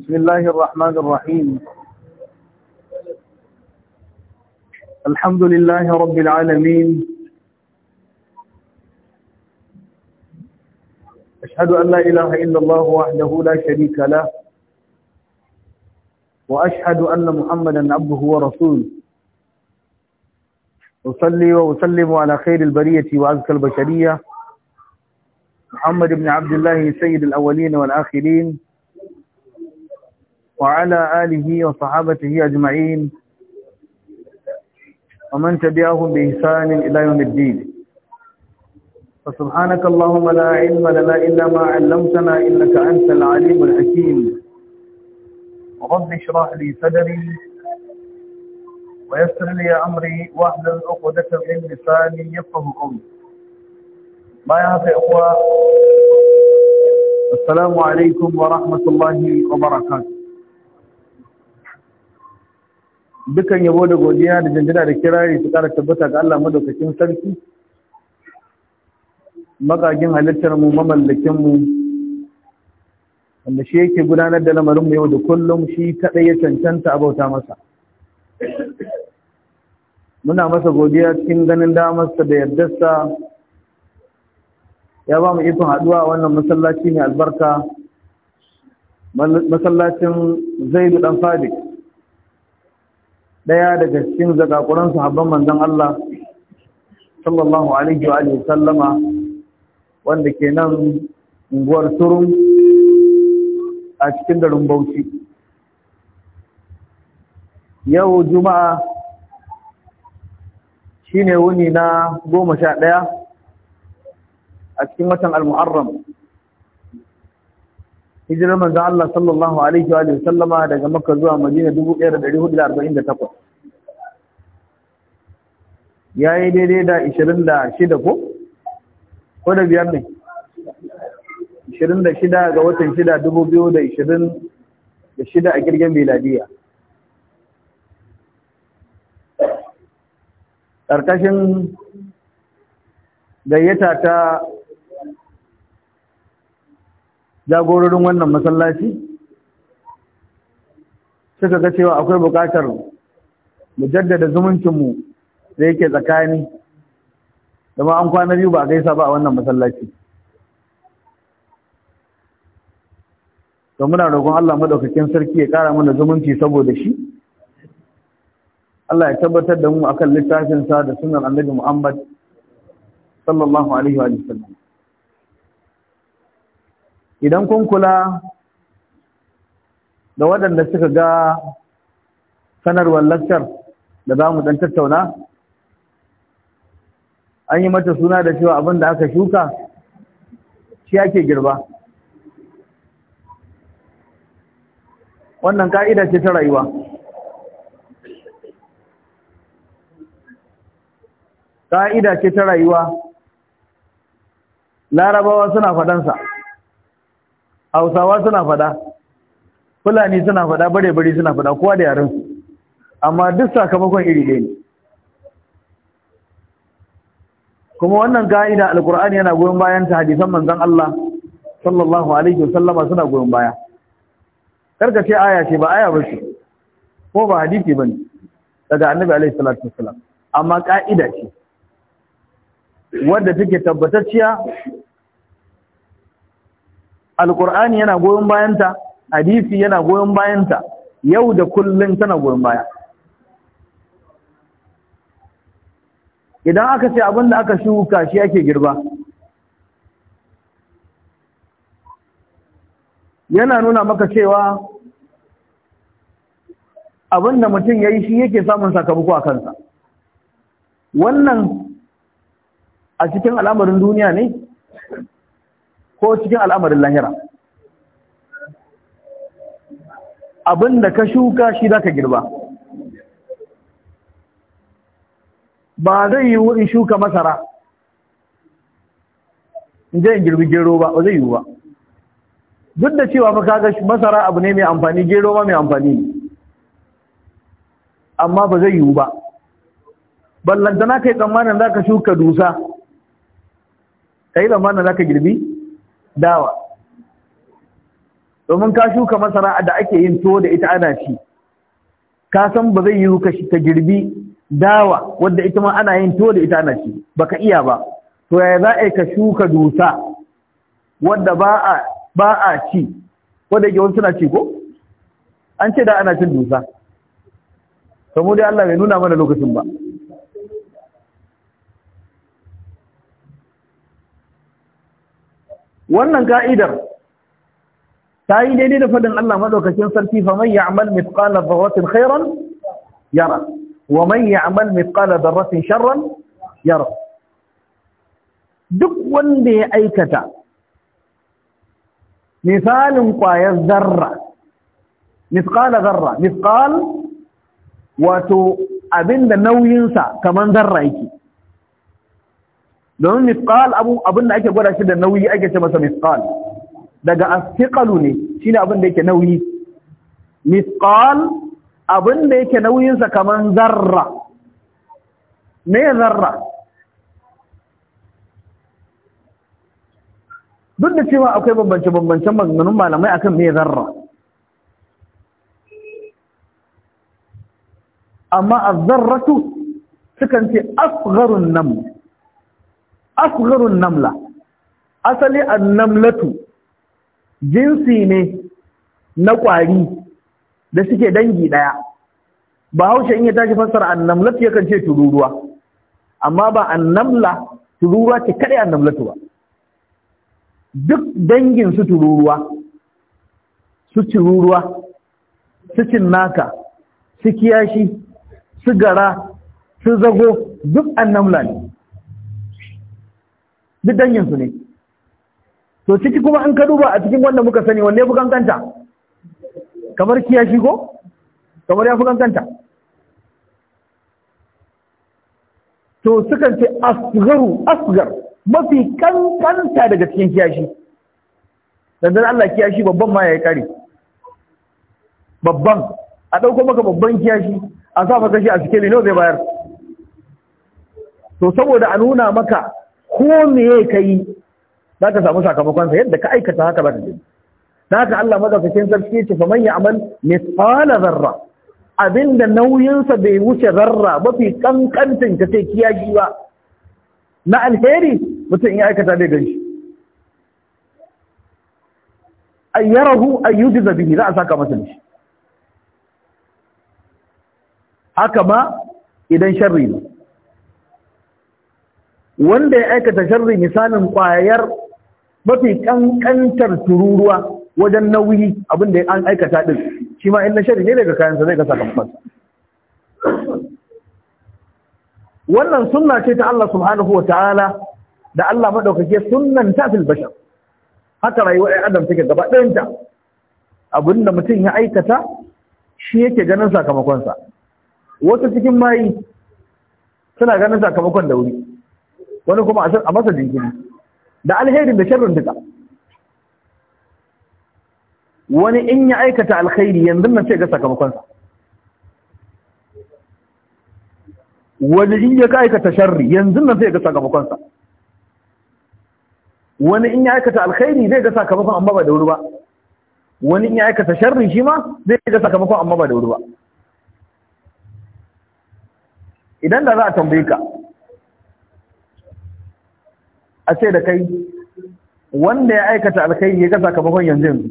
بسم الله الرحمن الرحيم الحمد لله رب العالمين أشهد أن لا إله إلا الله وحده لا شريك له وأشهد أن محمدا عبده ورسوله أصلي وأسلم على خير البرية وأزكى البشرية محمد بن عبد الله سيد الأولين والآخرين وعلى آله وصحابته أجمعين ومن تبعهم بإحسان إلى يوم الدين فسبحانك اللهم لا علم لنا إلا ما علمتنا إنك أنت العليم الحكيم رب اشرح لي صدري ويسر لي أمري واحلل عقدة من لساني يفقه قولي ما يعطي إخوة السلام عليكم ورحمة الله وبركاته dukan yabo da godiya da jinjina da kirari su kara tabbata ga Allah madaukakin sarki magagin halittar mu mamallakin mu wanda shi yake gudanar da lamarin mu yau da kullum shi kadai ya cancanta abauta masa muna masa godiya cikin ganin damarsa da yardarsa ya ba mu ikon haduwa a wannan masallaci mai albarka masallacin zaidu dan fadik daya daga cikin zakakuran sahabban manzon Allah sallallahu alaihi wa alihi sallama wanda ke nan unguwar Turum a cikin garin Bauchi yau juma'a shine wuni na goma sha ɗaya a cikin watan al-muharram hijirar manzon Allah sallallahu alaihi wa sallama daga Makka zuwa Madina 1448 yayi daidai da 26 ko ko da biyar ne 26 ga watan 6 2026 a girgin miladiya ƙarƙashin gayyata ta jagororin wannan masallaci suka ga cewa akwai buƙatar mu jaddada zumuncinmu da yake tsakani ma an kwana biyu ba a gaisa ba a wannan masallaci to muna roƙon Allah madaukakin sarki ya ƙara mana zumunci saboda shi Allah ya tabbatar da mu akan littafin sa da sunan Annabi Muhammad sallallahu alaihi wa sallam idan kun kula da waɗanda suka ga sanarwar lakcar da za mu ɗan tattauna an yi mata suna da cewa abin da aka shuka shi ake girba wannan ka'ida ce ta rayuwa ka'ida ce ta rayuwa larabawa suna faɗansa hausawa suna fada fulani suna fada bare-bare suna fada kowa da yaren su amma duk sakamakon iri ɗaya ne kuma wannan ka'ida alkur'ani yana goyon bayan ta hadisan manzon Allah sallallahu alaihi wasallama suna goyon baya karka ce aya ce ba aya ba ce ko ba hadisi bane daga annabi alaihi salatu wasallam amma ka'ida ce wadda take tabbatacciya Alƙur'ani yana goyon bayanta hadisi yana goyon bayanta yau da kullum tana goyon baya idan aka ce abin da aka shuka shi ake girba yana nuna maka cewa abin da mutum ya yi shi yake samun sakamako a kansa wannan a cikin al'amarin duniya ne ko cikin al'amarin lahira abin da ka shuka shi za ka girba ba zai yi wurin shuka masara in je in girbi gero ba ba zai yi ba duk da cewa fa masara abu ne mai amfani gero ma mai amfani amma ba zai yi ba ballantana kai tsammanin za ka shuka dusa Ka yi tsammanin za ka girbi dawa domin ka shuka masara da ake yin tuwo da ita ana ci ka san ba zai yiwu ka ta girbi dawa wadda ita ma ana yin tuwo da ita ana ci baka iya ba to yaya za a yi ka shuka dusa wadda ba a ba a ci wadda yake wasu suna ci ko an ce da ana cin dusa samu dai Allah bai nuna mana lokacin ba wannan ka'idar ta yi daidai da faɗin Allah madaukakin sarki fa man ya'mal mithqala dharratin khairan yara wa man ya'mal mithqala dharratin sharran yara duk wanda ya aikata misalin ƙwayar zarra mithqala zarra mithqal wato abinda nauyinsa kaman zarra yake domin misqal abin da ake gwada shi da nauyi ake ce masa misqal daga asqalu ne shine abin da yake nauyi misqal abin da yake nauyin sa kaman zarra me zarra duk da cewa akwai bambance-bambancen maganganun malamai akan me zarra amma az-zarratu sukan ce asgharun nam asghurun namla asali annamlatu jinsi ne na kwari da suke dangi daya bahaushe in ya tashi fassara annamlatu yakan ce tururuwa amma ba annamla tururuwa ce kadai annamlatu ba duk dangin su tururuwa su tururuwa su cinnaka su kiyashi su gara su zago duk annamla ne duk danginsu ne to ciki kuma an ka duba a cikin wanda muka sani wanne fi kankanta kamar kiyashi ko kamar ya fi kankanta to sukan ce asgaru asgar mafi kankanta daga cikin kiyashi dandan Allah kiyashi babban ma ya yi kare babban a ɗauko maka babban kiyashi a sa fasashi a cikin nawa zai bayar to saboda a nuna maka ko meye ka yi za ka samu sakamakonsa yadda ka aikata haka za ka ji da haka Allah madaukakin sarki ce fa man ya'mal mithqala zarra abinda nauyinsa bai wuce zarra mafi fi kankantin ka sai kiyaji ba na alheri mutum ya aikata bai ganshi ayyarahu ayyujza bihi za a saka masa shi haka ma idan sharri ne wanda ya aikata sharri misalin kwayar mafi kankantar tururuwa wajen nauyi abin da an aikata din shi ma in na sharri ne daga kayansa zai ga sakamakon wannan sunna ce ta Allah subhanahu wa ta'ala da Allah madaukake sunnan ta fil bashar haka rayuwa ɗan adam take gaba ɗayanta abinda mutum ya aikata shi yake ganin sakamakonsa wasu cikin mayi suna ganin sakamakon da wuri wani kuma a masa jinkiri da alherin da sharrin duka wani in ya aikata alkhairi yanzu nan ce ga sakamakonsa wani in ya aikata sharri yanzu nan ce ga sakamakonsa wani in ya aikata alkhairi zai ga sakamakon amma ba da wuri ba wani in ya aikata sharri shi ma zai ga sakamakon amma ba da wuri ba idan da za a tambaye ka a ce da kai wanda ya aikata alkhairi ya ga sakamakon yanzu yanzu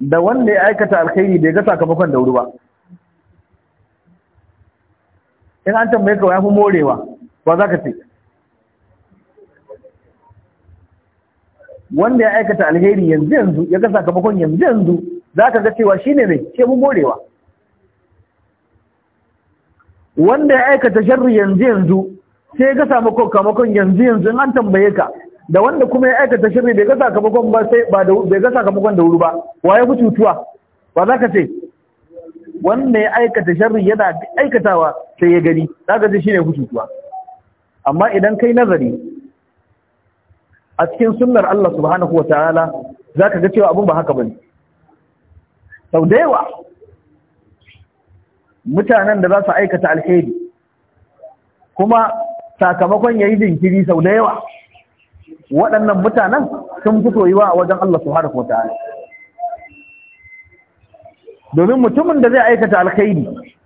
da wanda ya aikata alkhairi bai ga sakamakon da wuri ba in an tambaye ka ya fi morewa ba za ka ce wanda ya aikata alheri yanzu yanzu ya ga sakamakon yanzu yanzu za ka ga cewa shi ne mai ce mu morewa wanda ya aikata sharri yanzu yanzu sai gasa samu kamakon yanzu yanzu an tambaye ka da wanda kuma ya aikata shirri bai ga sakamakon ba sai ba da bai ga sakamakon da wuri ba wa ya fi cutuwa ba za ka ce wanda ya aikata shirri yana aikatawa sai ya gani za ka ce shi ne fi cutuwa amma idan kai nazari a cikin sunnar Allah subhanahu wa ta'ala za ka ga cewa abin ba haka ba ne sau da yawa mutanen da za su aikata alheri kuma sakamakon ya yi jinkiri sau da yawa waɗannan mutanen sun fito yi a wajen Allah subhanahu wataala domin mutumin da zai aikata alkhairi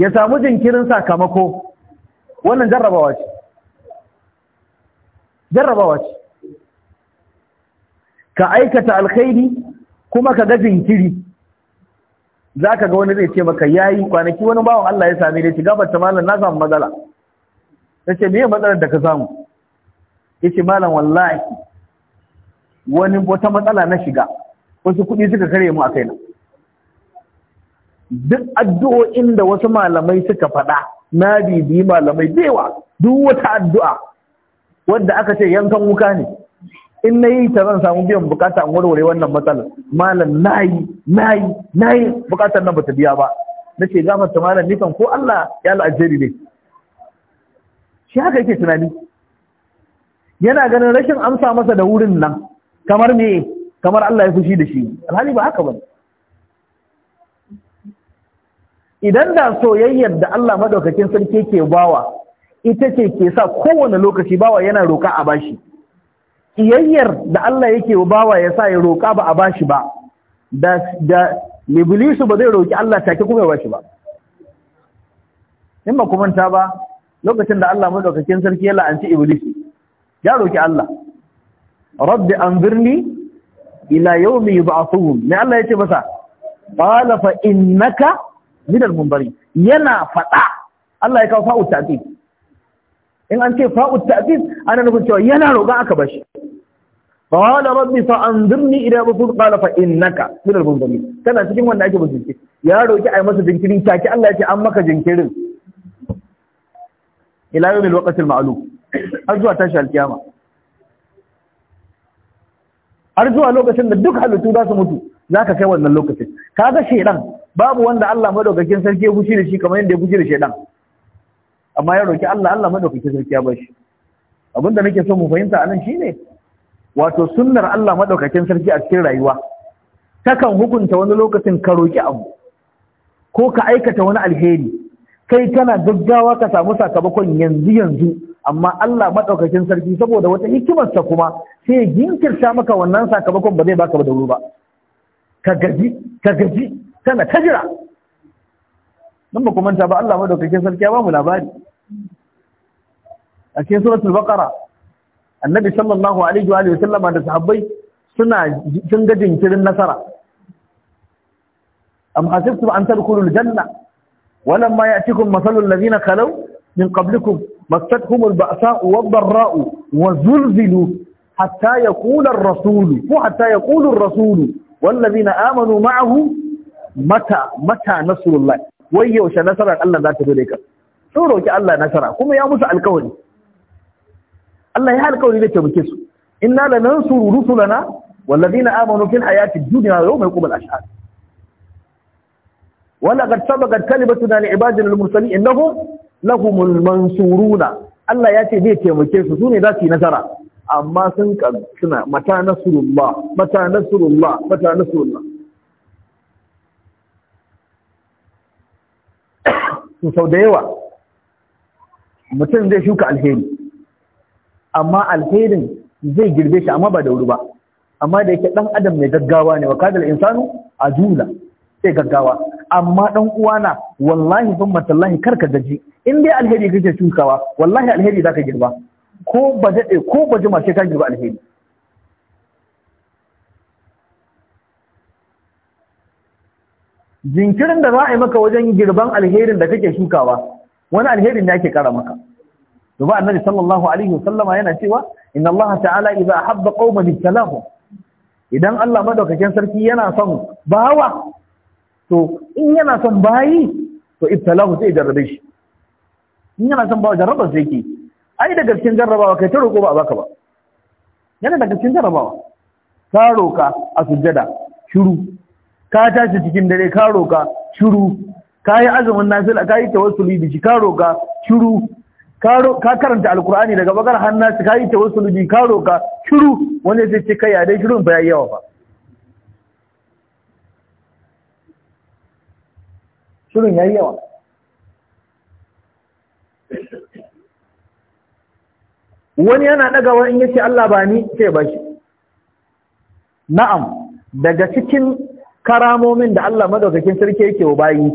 ya samu jinkirin sakamako wannan jarrabawa ce jarrabawa ce ka aikata alkhairi kuma ka ga jinkiri za ka ga wani zai ce maka ya yi kwanaki wani bawon Allah ya sami da gabar ta malam na samu matsala ta ce me matsalar da ka samu ya ce malam wallahi wani wata matsala na shiga wasu kuɗi suka kare mu a kaina duk addu'o'in da wasu malamai suka faɗa na bibi malamai bewa duk wata addu'a wadda aka ce yankan wuka ne in na yi ta zan samu biyan bukata an warware wannan matsalar malam na yi na yi na yi bukatar nan ba ta biya ba na ce gafarta malam nikan ko Allah ya la'ajari ne shi haka yake tunani yana ganin rashin amsa masa da wurin nan kamar me kamar Allah ya fushi da shi alhali ba haka ba idan da soyayyar da Allah madaukakin sarki ke bawa ita ce ke sa kowane lokaci bawa yana roka a bashi kiyayyar da Allah yake wa bawa ya sa ya roƙa ba a bashi ba da da ba zai roƙi Allah take kuma ya bashi ba in ba kuma ba lokacin da Allah madaukakin sarki ya la'anci Iblis ya roƙi Allah rabbi an birni, ila a yub'athun ne Allah ya ce masa qala fa innaka min al yana faɗa. Allah ya kawo fa'u ta'dib in an ce fa'u ta'dib ana nufin cewa yana roƙa aka bashi قال ربي فانظرني الى رسول قال فانك من المنظرين kana cikin wanda ake bincike ya roki ai masa jinkirin taki Allah ya ce an maka jinkirin ila yawmil waqtil ma'lum har zuwa tashi alkiyama har zuwa lokacin da duk halittu za su mutu zaka kai wannan lokacin kaga shedan babu wanda Allah madaukakin sarki ya fushi da shi kamar yadda ya fushi da shedan amma ya roki Allah Allah madaukakin sarki ya bashi abinda nake so mu fahimta anan shine wato sunnar Allah maɗaukakin sarki a cikin rayuwa takan hukunta wani lokacin ka roƙi abu ko ka aikata wani alheri kai kana gaggawa ka samu sakamakon yanzu yanzu amma Allah maɗaukakin sarki saboda wata hikimarsa kuma sai ya jinkirta maka wannan sakamakon ba zai baka ba da wuri ba ka gaji ka gaji kana ta jira dan ba kuma ta ba Allah maɗaukakin sarki ya ba mu labari a cikin suratul baqara annabi sallallahu alaihi wa sallama da sahabbai suna sun ga jinkirin nasara am hasibtum an tadkhulul janna walamma ya'tikum mathalul ladina khalu min qablikum massatuhumul ba'sa'u wad-dharra'u wa zulzilu hatta yaqula ar-rasul fa hatta yaqula ar-rasul wal والذين آمنوا معه متى متى نصر الله ويوش نصر الله ka so roki allah nasara kuma ya musu alkawari Allah ya alƙawari zai taimake su inna lanansuru rusulana wallazina amanu fil hayati dunya wa yawma yaqumul ashhad ولقد سبقت كلمتنا لعبادنا المرسلين انهم لهم المنصورون Allah ya ce zai taimake su sune za su yi nasara amma sun kana mata nasrullah mata nasrullah mata nasrullah sau da yawa mutum zai shuka alheri amma alherin zai girbe shi amma ba da wuri ba amma da yake dan adam mai gaggawa ne wa kadal insanu ajula sai gaggawa amma dan uwana wallahi ban matallahi karka gaji in dai alheri kake shukawa wallahi alheri zaka girba ko ba dade ko ba jima sai ka girba alheri jinkirin da za a yi maka wajen girban alherin da kake shukawa wani alherin ne ake kara maka duba annabi sallallahu alaihi wasallama yana cewa inna Allah ta'ala idza habba qauman ittalahu idan Allah madaukakin sarki yana son bawa to in yana son bayi to ittalahu sai jarrabe shi in yana son bawa jarraba sai ki ai da cikin jarrabawa kai ta roko ba a baka ba yana da cikin jarrabawa ka roka a sujjada shiru ka tashi cikin dare ka roka shiru ka yi azumin nafila ka yi tawassuli bi shi ka roka shiru ka karanta alkur'ani daga bakar hannu ka yi wasu bi ka roka shiru wanda zai ce kai a dai shirun ba yawa ba shirin ya yawa wani yana wani in yace Allah ba ni sai ba shi na'am daga cikin karamomin da Allah madaukakin sarki yake wa bayi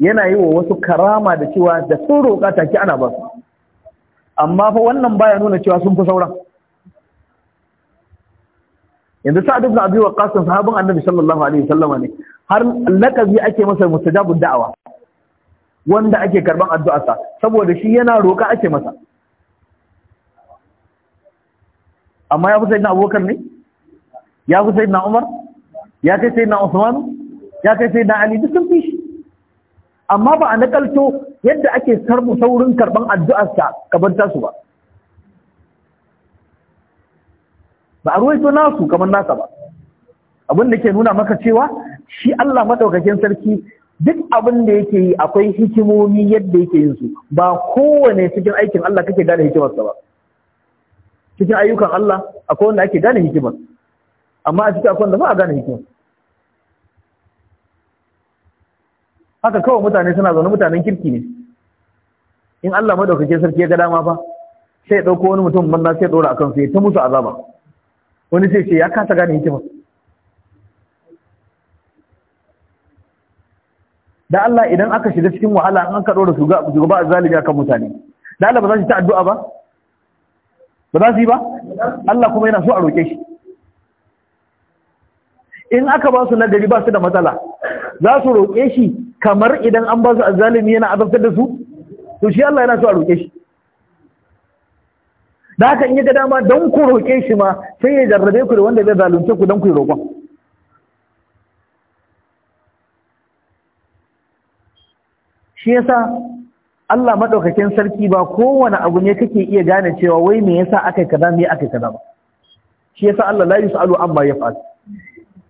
yana yi wa wasu karama da cewa da sun roƙa take ana ba su amma fa wannan baya nuna cewa sun fi sauran yanzu sa'ad ibn abi waqqas sahabban annabi sallallahu alaihi wasallama ne har lakazi ake masa mustajabud da'awa wanda ake karban addu'a sa saboda shi yana roka ake masa amma ya fi sayyidina abubakar ne ya fi sayyidina umar ya kai sayyidina usman ya kai sayyidina ali duk sun fi amma ba a nakalto yadda ake saurin karban addu'arsa kamar tasu ba ba a ruwaito nasu kamar nasa ba abin da ke nuna maka cewa shi Allah maɗaukakin sarki duk abin da yake yi akwai hikimomi yadda yake yin su ba kowane cikin aikin Allah kake gane hikimarsa ba cikin ayyukan Allah akwai wanda ake gane hikimar amma a cikin akwai wanda ba a gane hikimar haka kawai mutane suna zaune mutanen kirki ne in Allah madaukake sarki ya ga dama fa sai dauko wani mutum banza sai dora akan sai ta musu azaba wani sai ce ya kasa gane hikima da Allah idan aka shiga cikin wahala an aka dora shugaba zalimi akan mutane da Allah ba za su ta addu'a ba ba za su yi ba Allah kuma yana so a roke shi in aka ba su nagari ba su da matsala za su roƙe shi kamar idan an ba su azzalimi yana azabtar da su to shi Allah yana so a roƙe shi da haka in yi ga dama don ku roƙe shi ma sai ya jarrabe ku da wanda zai zalunce ku don ku yi roƙon shi yasa Allah maɗaukakin sarki ba kowane abu ne kake iya gane cewa wai me yasa aka kaza me aka kaza ba shi yasa Allah la yusalu amma yaf'al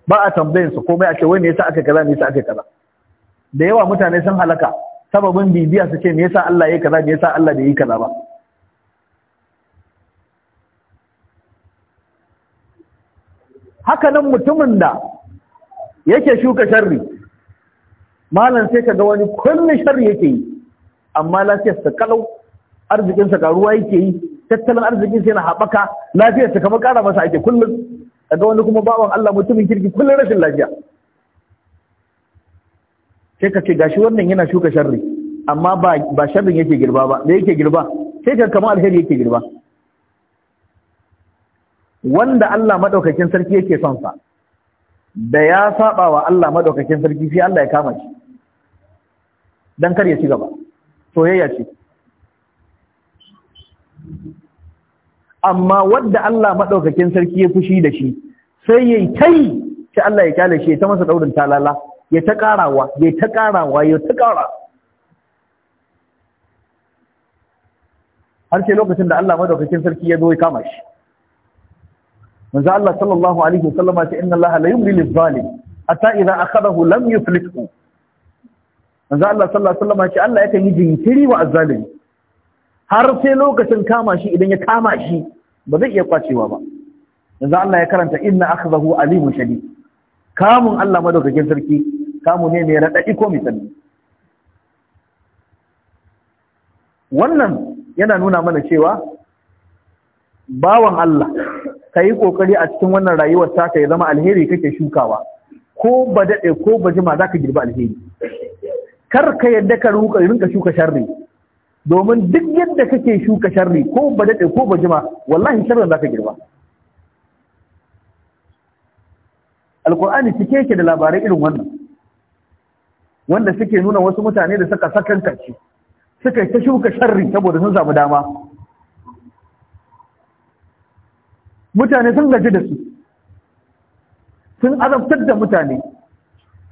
ba a tambayin su komai a ce wai me yasa aka kaza me yasa aka kaza da yawa mutane sun halaka sababin bibiya su ce me yasa Allah yayi kaza me yasa Allah bai yi kaza ba haka nan mutumin da yake shuka sharri malam sai kaga wani kullun sharri yake yi amma lafiyar sa kalau arzikinsa karuwa yake yi tattalin arzikin arzikinsa yana haɓaka sa kamar ƙara masa ake kullum kaga wani kuma bawan Allah mutumin kirki kullun rashin lafiya sai ka ce gashi wannan yana shuka sharri amma ba ba sharrin yake girba ba da yake girba sai ka kama alheri yake girba wanda Allah madaukakin sarki yake son sa da ya saba wa Allah madaukakin sarki sai Allah ya kama shi dan kar ya ci gaba soyayya ce amma wadda Allah madaukakin sarki ya fushi da shi sai yayi tai sai Allah ya kyale shi ta masa daurin talala ya ta ƙarawa ya ta ƙarawa ya ta ƙara har sai lokacin da Allah madaukakin sarki ya zo ya kama shi manzo Allah sallallahu alaihi wasallama ce inna Allah la yumli lil-zalim hatta idza akhadahu lam yuflithu manzo Allah sallallahu alaihi wasallama ce Allah yakan yi jinkiri wa azzalimi har sai lokacin kama shi idan ya kama shi ba zai iya kwacewa ba manzo Allah ya karanta inna akhadahu alimun shadid kamun Allah madaukakin sarki samu ne mai raɗa ko mai wannan yana nuna mana cewa bawan Allah ka yi ƙoƙari a cikin wannan rayuwar taka ya zama alheri kake shukawa ko ba daɗe ko ba jima za ka girba alheri kar ka yadda ka rinka shuka sharri domin duk yadda kake shuka sharri ko ba daɗe ko ba jima wallahi sharrin za ka girba alƙur'ani cike yake da labarai irin wannan wanda suke nuna wasu mutane da suka sakankace suka ta shuka sharri saboda sun samu dama mutane sun gaji da su sun azabtar da mutane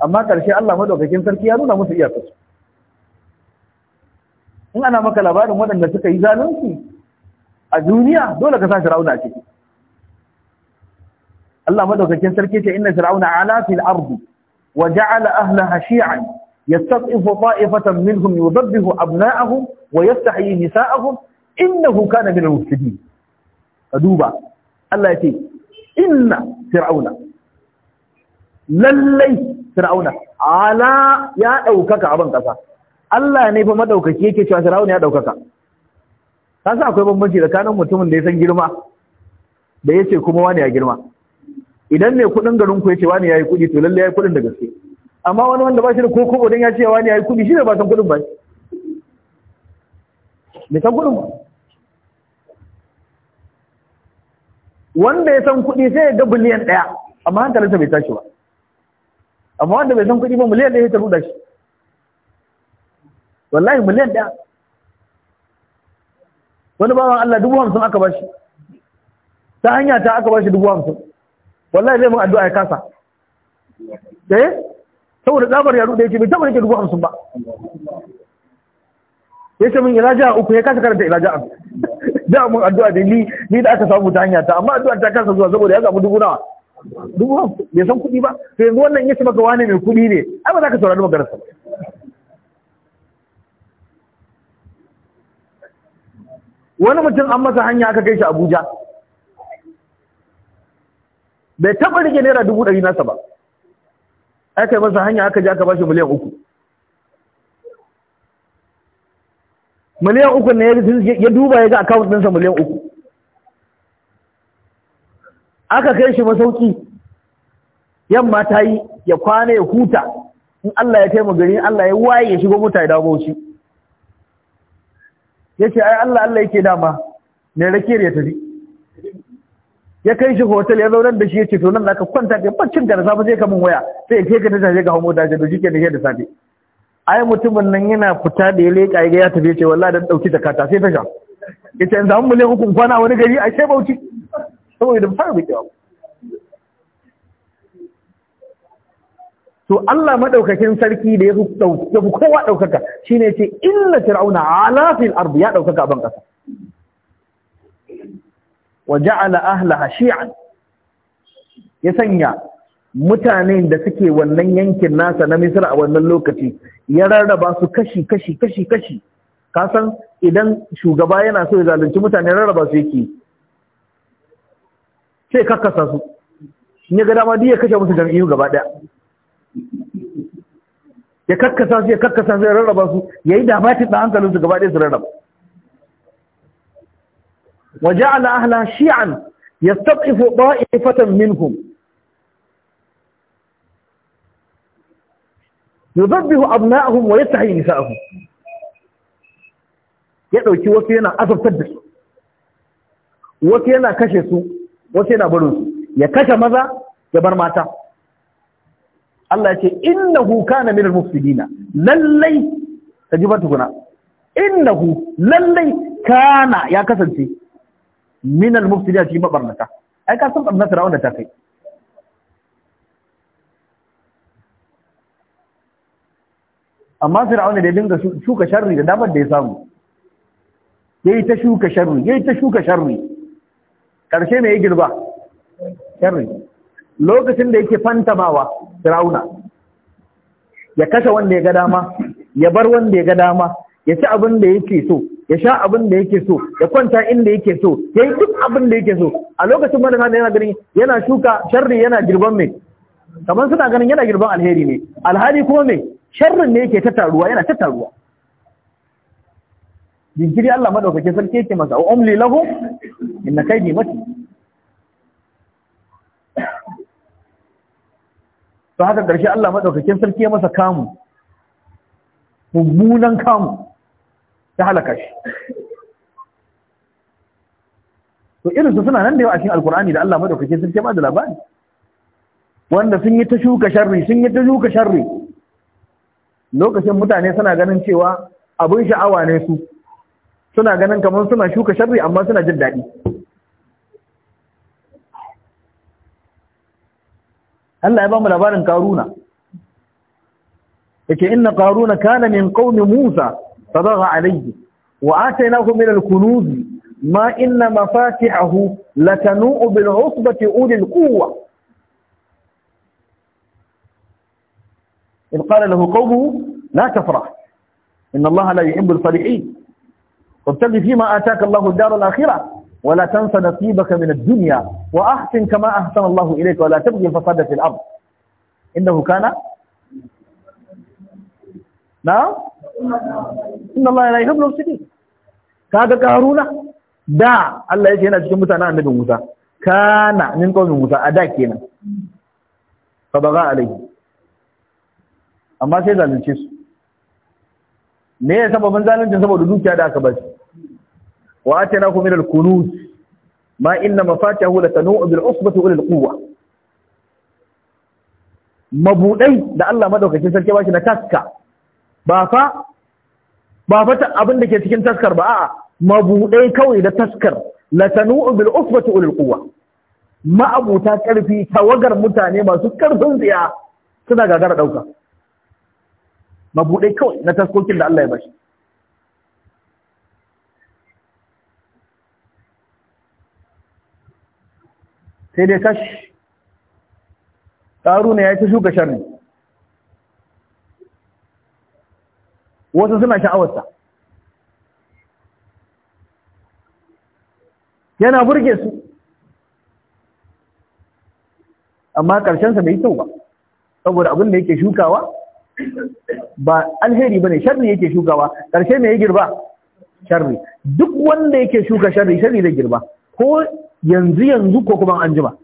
amma ƙarshe Allah madaukakin sarki ya nuna musu iyakarsu in ana maka labarin waɗanda suka yi zalunci a duniya dole ka sa Fir'auna a ciki Allah madaukakin sarki ce inna Fir'auna ala fil ardi wa ja'ala ahlaha shi'an يستضعف طائفة منهم يذبه أبناءهم ويستحيي نساءهم إنه كان من المفسدين فدوبا الله يتي إن فرعون للي فرعون على يا أوكك عبان كسا Allah ne fa madaukaki yake cewa Fir'auna ya daukaka kasa akwai bambanci tsakanin mutumin da ya san girma da yace kuma wani ya girma idan ne kudin garin ku yace wani yayi kudi to lalle yayi kudin da gaske amma wani wanda ba shi da koko don ya ce wani ya yi kudi shi ne ba san kudin ba bai san kudin wanda ya san kudi sai ya ga biliyan daya amma hankalinsa bai tashi ba amma wanda bai san kudi ba miliyan daya ta ruda shi wallahi miliyan daya wani bawan Allah dubu hamsin aka bashi ta hanya ta aka bashi dubu hamsin wallahi zai mun addu'a ya kasa eh saboda tsabar yaro da yake bai taba yake dubu hamsin ba ya ce min ilaja ja'a uku ya kasa karanta ila ja'a da mun addu'a da ni ni da aka samu ta hanya ta amma addu'a ta kasa zuwa saboda ya samu dubu nawa dubu hamsin bai san kuɗi ba to yanzu wannan ce maka wane mai kuɗi ne ai ba za ka saurari maganar sa wani mutum an masa hanya aka kai shi Abuja bai taɓa rike naira dubu ɗari nasa ba aka yi masa hanya aka ji aka bashi miliyan uku miliyan uku ne ya duba ya ga account ɗinsa miliyan uku aka kai shi masauki yamma ta yi ya kwana ya huta in Allah ya taimaka gari Allah ya waye ya shigo mota ya dawo bauchi yace ai Allah Allah yake dama ne rakiyar ya tafi ya kai shi hotel ya zaunar da shi ya ce to nan zaka kwanta kai baccin ka da safe sai ka mun waya sai ke ka tashi ka hawo da jado shike da da safe ai mutumin nan yana fita da ya leka ya ya tafi ce wallahi dan dauki kata sai tasha yace in zamu miliyan kwana wani gari a sai bauchi saboda fara biki to Allah madaukakin sarki da ya fi kowa daukaka shine yace inna fir'auna ala fil ardi ya daukaka ban kasa wa ja'ala ahlaha shi'an ya sanya mutanen da suke wannan yankin nasa na Misr a wannan lokaci ya rarraba su kashi kashi kashi kashi Ka san idan shugaba yana so ya zalunci mutane rarraba su yake sai kakkasa su in ya ga dama duk ya kashe musu jami'u gaba daya ya kakkasa su ya kakkasa su ya rarraba su yayi da ba ta hankalin su gaba daya su rarraba wa ja'ala ahla shi'an yastatifu da'ifatan minhum yuzabbihu abna'ahum wa yastahi nisa'ahum ya dauki wasu yana azabtar da su wasu yana kashe su wasu yana barin ya kashe maza ya bar mata Allah ya ce innahu kana minal mufsidina lallai ta ji ba tukuna innahu lallai kana ya kasance Minal al-mubtadi shi mabarnata ai ka san barnata Fir'auna ta kai amma Fir'auna da dinga shuka sharri da damar da ya samu yayi ta shuka sharri yayi ta shuka sharri karshe me ya girba sharri lokacin da yake fantamawa Fir'auna ya kashe wanda ya ga dama ya bar wanda ya ga dama ya ci abin da yake so ya sha abin da yake so ya kwanta inda yake so ya yi duk abin da yake so a lokacin ma da yana ganin yana shuka sharri yana girban mai kamar suna ganin yana girban alheri ne alhali kuma mai sharrin ne yake tattaruwa yana tattaruwa jinkiri Allah madaukakin sarki yake masa wa umli lahu inna kaidi mati to haka karshe Allah madaukakin sarki ya masa kamu mummunan kamu ta halaka shi to irin su suna nan da yawa a cikin alkur'ani da Allah madaukake sun ce ba da labari wanda sun yi ta shuka sharri sun yi ta shuka sharri lokacin mutane suna ganin cewa abin sha'awa ne su suna ganin kamar suna shuka sharri amma suna jin daɗi Allah ya ba mu labarin karuna yake inna karuna kana min qaumi Musa فبغى عليه وآتيناه من الكنوز ما إن مفاتحه لتنوء بالعصبة أولي القوة إذ قال له قومه لا تفرح إن الله لا يحب الفرحين وابتغ فيما آتاك الله الدار الآخرة ولا تنس نصيبك من الدنيا وأحسن كما أحسن الله إليك ولا تبغي الفساد في الأرض إنه كان نعم inna Allah la yuhibbul muqsitin kaga karuna da Allah yake yana cikin mutanen annabi Musa kana min qaumin Musa a da kenan fa baga alai. amma sai zalunci su me ya sababin zalunci saboda dukiya da aka bar? wa atainahu kum al-kunuz ma inna mafatihahu latanu'u bil usbati wal quwwa mabudai da Allah madaukakin sarki bashi na taska ba fa ta abin da ke cikin taskar ba a'a mabuɗai kawai da taskar latanu bil usbati ulul quwwa ma'abuta karfi tawagar mutane masu karfin tsiya suna gagara dauka mabuɗai kawai na taskokin da Allah ya bashi sai dai kash ƙaru ne ya ci shuka sharri wasu suna sha'awarsa yana burge su amma ƙarshensa bai kyau ba saboda abin da yake shukawa ba alheri ba ne sharri yake shukawa ƙarshe mai girba sharri duk wanda yake shuka sharri sharri da girba ko yanzu yanzu ko kuma an jima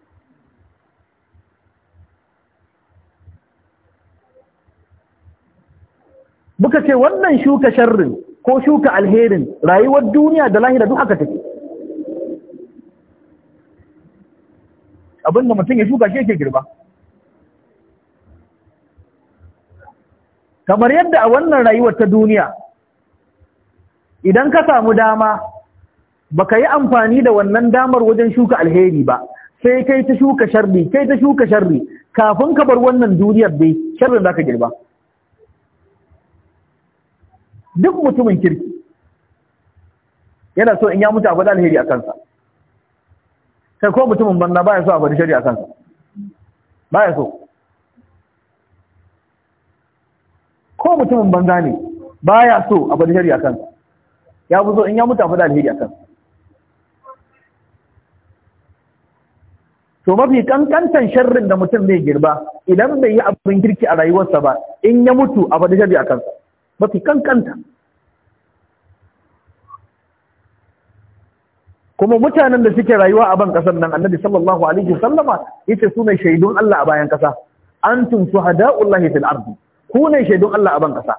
muka ce wannan shuka sharrin ko shuka alherin rayuwar duniya da lahira duk haka take abinda mutum ya shuka shi yake girba kamar yadda a wannan rayuwar ta duniya idan ka samu dama baka yi amfani da wannan damar wajen shuka alheri ba sai kai ta shuka sharri kai ta shuka sharri kafin ka bar wannan duniyar dai sharrin za ka girba duk mutumin kirki yana so in ya mutu a faɗi alheri a kansa sai ko mutumin banna baya so a faɗi shari'a kansa baya so ko mutumin banza ne baya so a faɗi shari'a kansa ya fi so in ya mutu a faɗi alheri a kansa to mafi kankantan sharrin da mutum zai girba idan bai yi abin kirki a rayuwarsa ba in ya mutu a faɗi shari'a kansa mafi kankanta kuma mutanen da suke rayuwa a ban kasar nan annabi sallallahu alaihi wasallama yace su ne shaidun Allah a bayan kasa antum shuhada'ullahi fil ardi ku ne shaidun Allah a ban kasa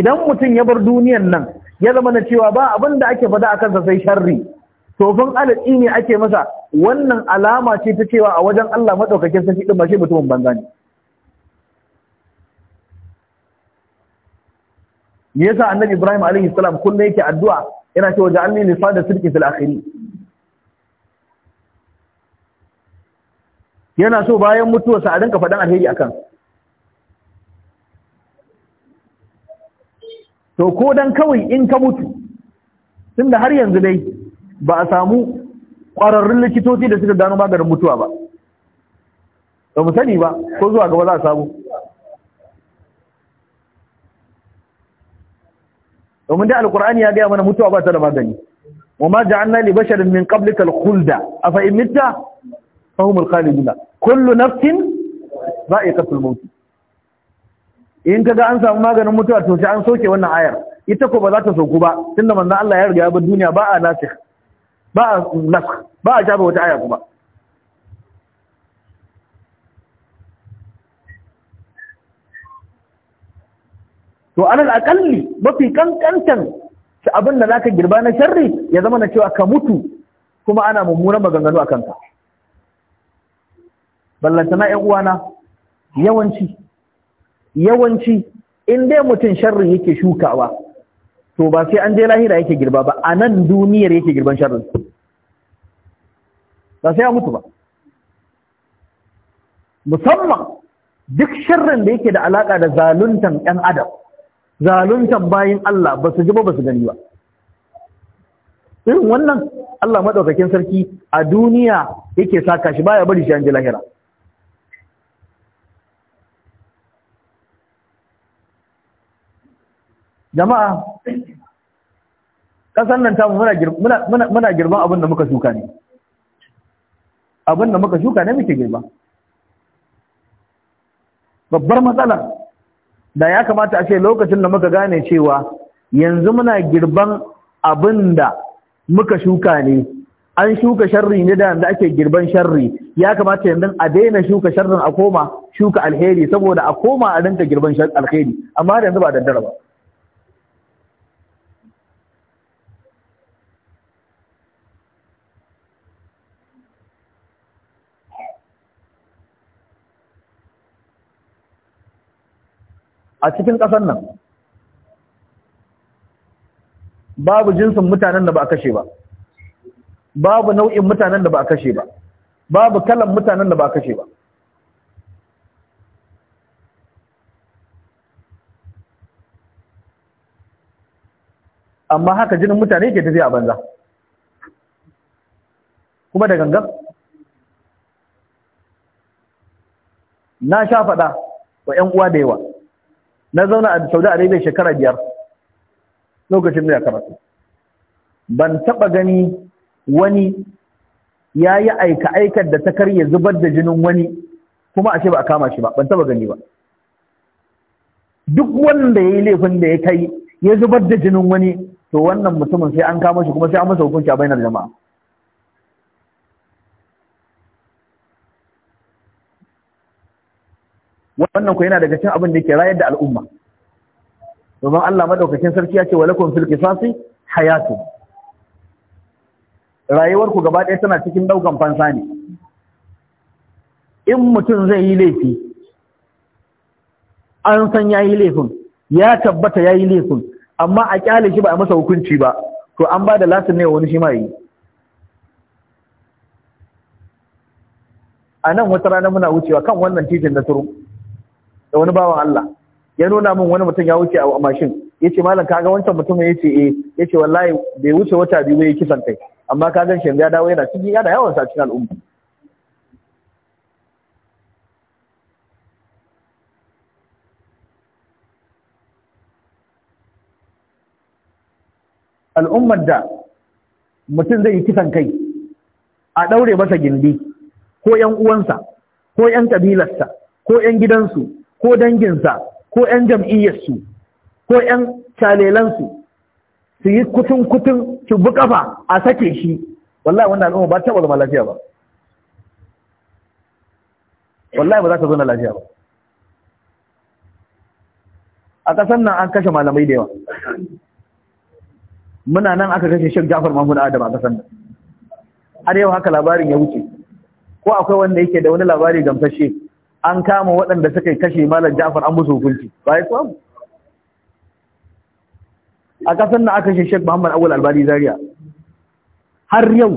idan mutum ya bar duniyan nan ya zama na cewa ba abin da ake fada akan sa sai sharri tofin alaƙi ne ake masa wannan alama ce ta cewa a wajen Allah madaukakin sarki ɗin ba shi mutumin banza ne me yasa annabi Ibrahim alaihi salam kullum yake addu'a yana cewa ja'alni li da sirki fil akhirin yana so bayan mutuwarsa a ka fadan alheri akan to ko dan kawai in ka mutu tunda har yanzu dai ba a samu ƙwararrun likitoci da suka gano maganin mutuwa ba ba mu sani ba ko zuwa gaba za a samu domin da alkur'ani ya gaya mana mutuwa ba ta da magani wa ma ja'alna li basharin min qablika al-khulda afa in mitta fa humul khalidun kullu nafsin za'iqatul maut in kaga an samu maganin mutuwa to sai an soke wannan ayar ita ko ba za ta soku ba tunda manzon Allah ya riga ya bar duniya ba a nasikh ba a nasikh ba a jaba wata aya kuma to anan akalli mafi kankantan shi abin da zaka girba na sharri ya zama na cewa ka mutu kuma ana mummunan maganganu a kanka ballanta na ƴan uwana yawanci yawanci in dai mutum sharri yake shukawa to ba sai an je lahira yake girba ba a nan duniyar yake girban sharrin ba sai ya mutu ba musamman duk sharrin da yake da alaƙa da zaluntan yan adam zaluntar bayin Allah ba su ji ba su gani ba irin wannan Allah maɗaukakin sarki a duniya yake saka shi baya bari shi an ji lahira jama'a ƙasar nan tamu muna girban abin da muka shuka ne abin da muka shuka ne muke girba babbar matsalar da ya kamata a ce lokacin da muka gane cewa yanzu muna girban abin da muka shuka ne an shuka sharri ne da yanzu ake girban sharri ya kamata yanzu a daina shuka sharrin a koma shuka alheri saboda a koma a rinka girban alheri amma yanzu ba daddara ba a cikin ƙasar nan babu jinsin mutanen da ba a kashe ba babu nau'in mutanen da ba a kashe ba babu kalan mutanen da ba a kashe ba amma haka jinin mutane ke tafiya a banza kuma da gangan na sha faɗa wa 'yan uwa da yawa na zauna a Saudi Arabia shekara biyar lokacin da ya karatu ban taba gani wani ya yi aika aikar da ta karya zubar da jinin wani kuma a ce ba a kama shi ba ban taba gani ba duk wanda ya yi laifin da ya kai ya zubar da jinin wani to wannan mutumin sai an kama shi kuma sai an masa hukunci a bainar jama'a wannan ku yana daga cikin abin da ke rayar da al'umma domin Allah madaukakin sarki ya ce wa lakum fil qisasi hayatu rayuwar ku gaba ɗaya tana cikin daukan fansa ne in mutum zai yi laifi an san yayi laifin ya tabbata yayi laifin amma a kyale shi ba a masa hukunci ba to an bada da lasin ne wani shi ma yi a nan wata rana muna wucewa kan wannan titin na turu da wani bawan Allah ya nuna min wani mutum ya wuce a mashin yace malam kaga wancan mutumin yace eh yace wallahi bai wuce wata biyu ya kisan kai amma ka gan shi ya dawo yana ciki yana yawan sa cikin al'umma al'ummar da mutum zai yi kisan kai a ɗaure masa gindi ko ‘yan uwansa ko ‘yan ƙabilarsa ko ‘yan gidansu ko danginsa ko 'yan jam'iyyarsu ko 'yan calelansu su yi kutun kutun su bi kafa a sake shi wallahi wannan al'umma ba ta zama lafiya ba wallahi ba za ta zo na lafiya ba a ƙasar nan an kashe malamai da yawa muna nan aka kashe shek jafar mahmud adam a ƙasar nan har yau haka labarin ya wuce ko akwai wanda yake da wani labari gamsashe an kama waɗanda suka kashe malam Ja'far an musu hukunci ba ya samu a ƙasar na aka Sheikh Muhammad Awul Albani Zaria har yau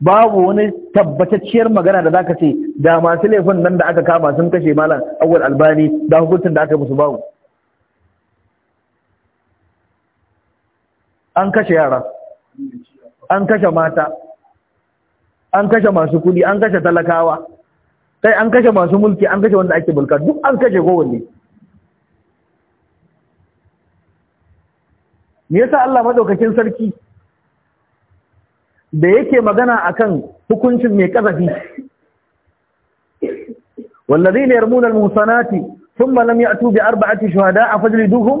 babu wani tabbatacciyar magana da za ka ce da masu laifin nan da aka kama sun kashe malam Awul Albani da hukuncin da aka musu babu an kashe yara an kashe mata an kashe masu kuɗi an kashe talakawa kai an kashe masu mulki an kashe wanda ake mulka duk an kashe kowanne me yasa Allah madaukakin sarki da yake magana akan hukuncin mai kazafi والذين يرمون المحصنات ثم لم يأتوا بأربعة شهداء فاجلدوهم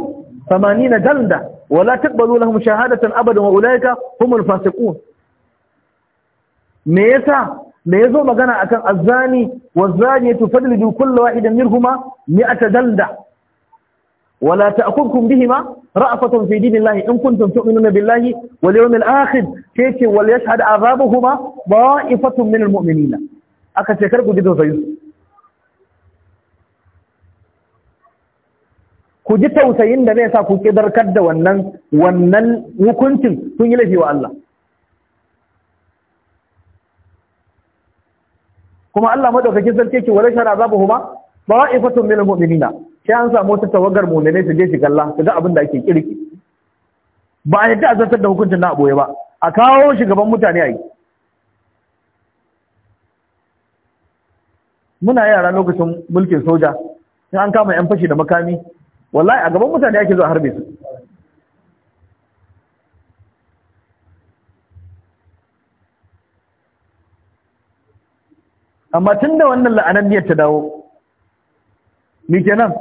ثمانين جلدة ولا تقبلوا لهم شهادة أبدا وأولئك هم الفاسقون ميسا me yazo magana akan azzani wazzaniyatu fadlidu kullu wahidin minhuma mi'ata dalda wala ta'khudhukum bihima ra'fatun fi dinillahi in kuntum tu'minuna billahi wal yawmil akhir kace wal yashhad azabuhuma da'ifatun minal mu'minina aka ce kar ku ji tausayin ku ji tausayin da zai sa ku kidarkar da wannan wannan hukuncin kun yi laifi wa Allah kuma Allah madaukakin sarki ce wala shara zabuhuma ba'ifatun min mu'minina sai an samu wata tawagar mu'minai su je shi kalla su ga abin da ake kirki ba a yadda da hukuncin na aboye ba a kawo shi gaban mutane ai muna yara lokacin mulkin soja sai an kama yan fashi da makami wallahi a gaban mutane ake zo a harbe su amma tun da wannan la'ananniyar ta dawo mi nan,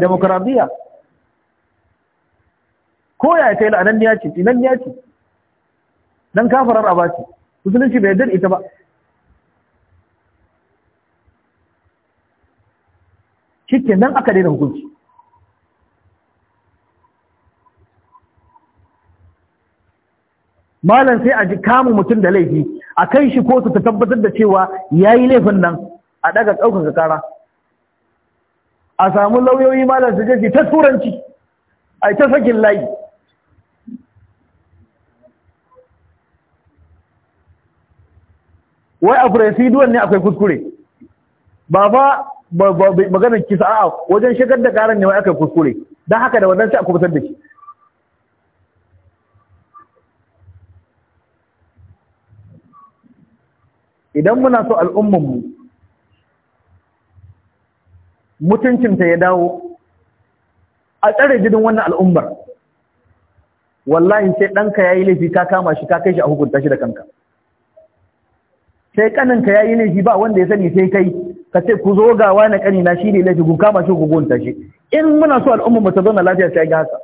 demokradiyya ko ya kai la'ananniya ce ya ce don kafarar abaci musulunci bai yarda ita ba Cikin nan aka daina hukunci malam sai a ji kamun mutum da laifi a kai shi kotu ta tabbatar da cewa ya yi laifin nan a daga ɗaukaka kara a samu lauyoyi malam su je ta turanci a ta sakin layi wai a furesiduwan ne akwai kuskure ba ba maganar kisa a wajen shigar da karan ne wai akwai kuskure don haka da wadansu a kubutar da shi idan muna so al'ummanmu mutuncinta ya dawo a tsare gidan wannan al'ummar wallahi sai ɗanka ya yi laifi ka kama shi ka kai shi a hukunta shi da kanka sai ƙaninka ya yi laifi ba wanda ya sani sai kai ka ce ku zo gawa na ƙanina shi ne laifi ku kama shi ku gunta shi in muna so al'ummar ta zauna lafiya sai ga haka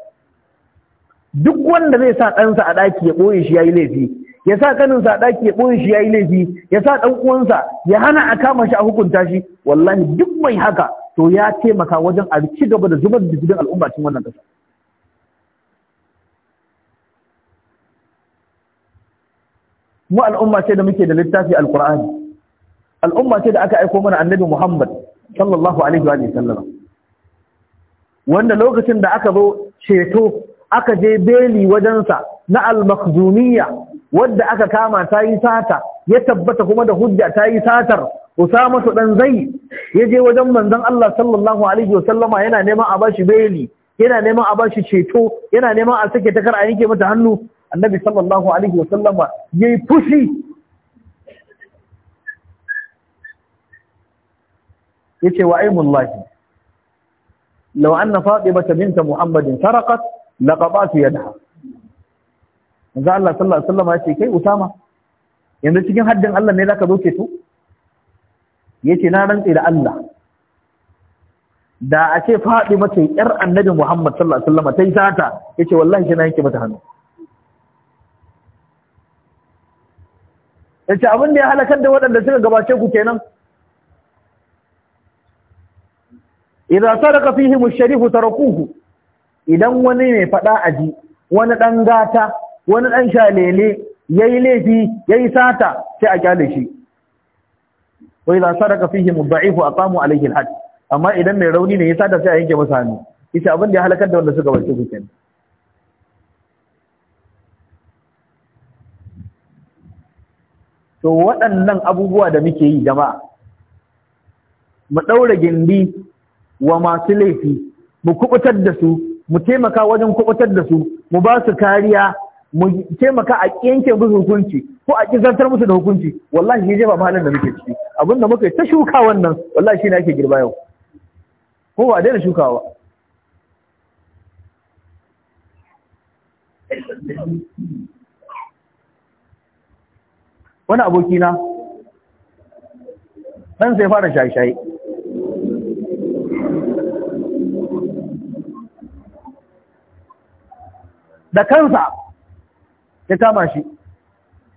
duk wanda zai sa ɗansa a ɗaki ya ɓoye shi ya yi laifi ya sa kaninsa a ɗaki ya ɓoye shi ya yi laifi ya sa ɗan uwansa ya hana a kama shi a hukunta shi wallahi duk mai haka to ya taimaka wajen a ci gaba da zubar da jinin al'umma cikin wannan ƙasa mu al'umma ce da muke da littafi alqur'ani al'umma ce da aka aiko mana annabi muhammad sallallahu alaihi wa sallam wanda lokacin da aka zo ceto aka je beli wajensa na al-makhzumiyya wadda aka kama ta yi sata ya tabbata kuma da hujja ta yi satar Usama masa dan zai ya je wajen manzon Allah sallallahu alaihi wasallama yana neman a bashi beli yana neman a bashi ceto yana neman a sake takar a yanke mata hannu annabi sallallahu alaihi wasallama yayi fushi yace wa aimullahi law anna fatimata bint muhammadin sarqat laqatat yadaha yanzu Allah sallallahu alaihi wasallam ya ce kai Usama yanzu cikin haddin Allah ne zaka zo ceto yace na rantsi da Allah da a ce faɗi mace ƴar annabi Muhammad sallallahu alaihi wasallam ta yi sata yace wallahi kina yake yanke mata hannu yace abin da ya halakar da waɗanda suka gabace ku kenan idza taraka fihi musharifu sharifu tarakuhu idan wani ne fada aji wani dan gata wani ɗan shalele ya yi laifi ya yi sata sai a kyale shi wai za sadaka a mudda'ifu a alayhi haɗi. amma idan mai rauni ne ya sata sai a yanke masa hannu yace abin da ya halakar da wanda suka bace su kenan to waɗannan abubuwa da muke yi jama'a mu ɗaura gindi wa masu laifi mu kubutar da su mu taimaka wajen kubutar da su mu ba su kariya mu taimaka a yanke musu hukunci ko a kizantar musu da hukunci wallahi shi jefa halin da muke ciki abin da muka yi ta shuka wannan wallahi shi ne ake girba yau ko ba daina shukawa wani abokina ɗan sai fara shaye-shaye da kansa ya kama shi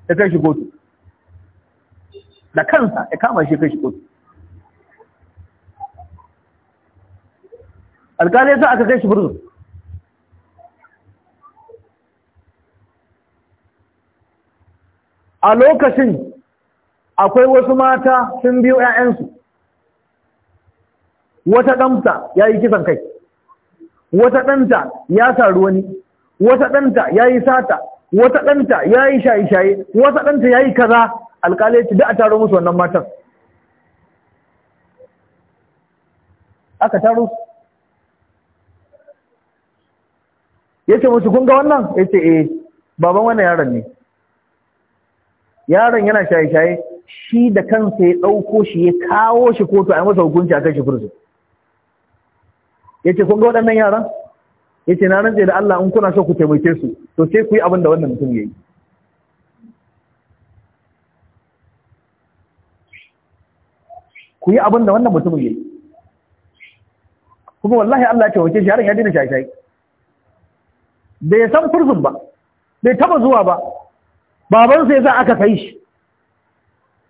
ya kai shi kotu da kansa ya kama shi ya kai shi kotu alkali ya sa aka kai shi burzun a lokacin akwai wasu mata sun biyo 'ya'yansu wata ɗanta ya yi kisan kai wata ɗanta ya saru wani wata ɗanta ya yi sata wata ɗanta ya yi shaye-shaye wata ɗanta ya yi kaza alƙalai ci da a taro musu wannan matan aka taro ya ce musu kunga wannan ya ce eh baban wani yaron ne yaron yana shaye-shaye shi da kansa ya ɗauko shi ya kawo shi kotu a yi masa hukunci a kan shi furzu ya ce kunga waɗannan yaran yace na rantse da Allah in kuna so ku taimake su to sai ku yi abin da wannan mutum ya yi. ku yi abin da wannan ya yi. kuma wallahi Allah ya taimake shi har ya dina shaye-shaye bai san furzun ba bai taba zuwa ba baban sai za aka kai shi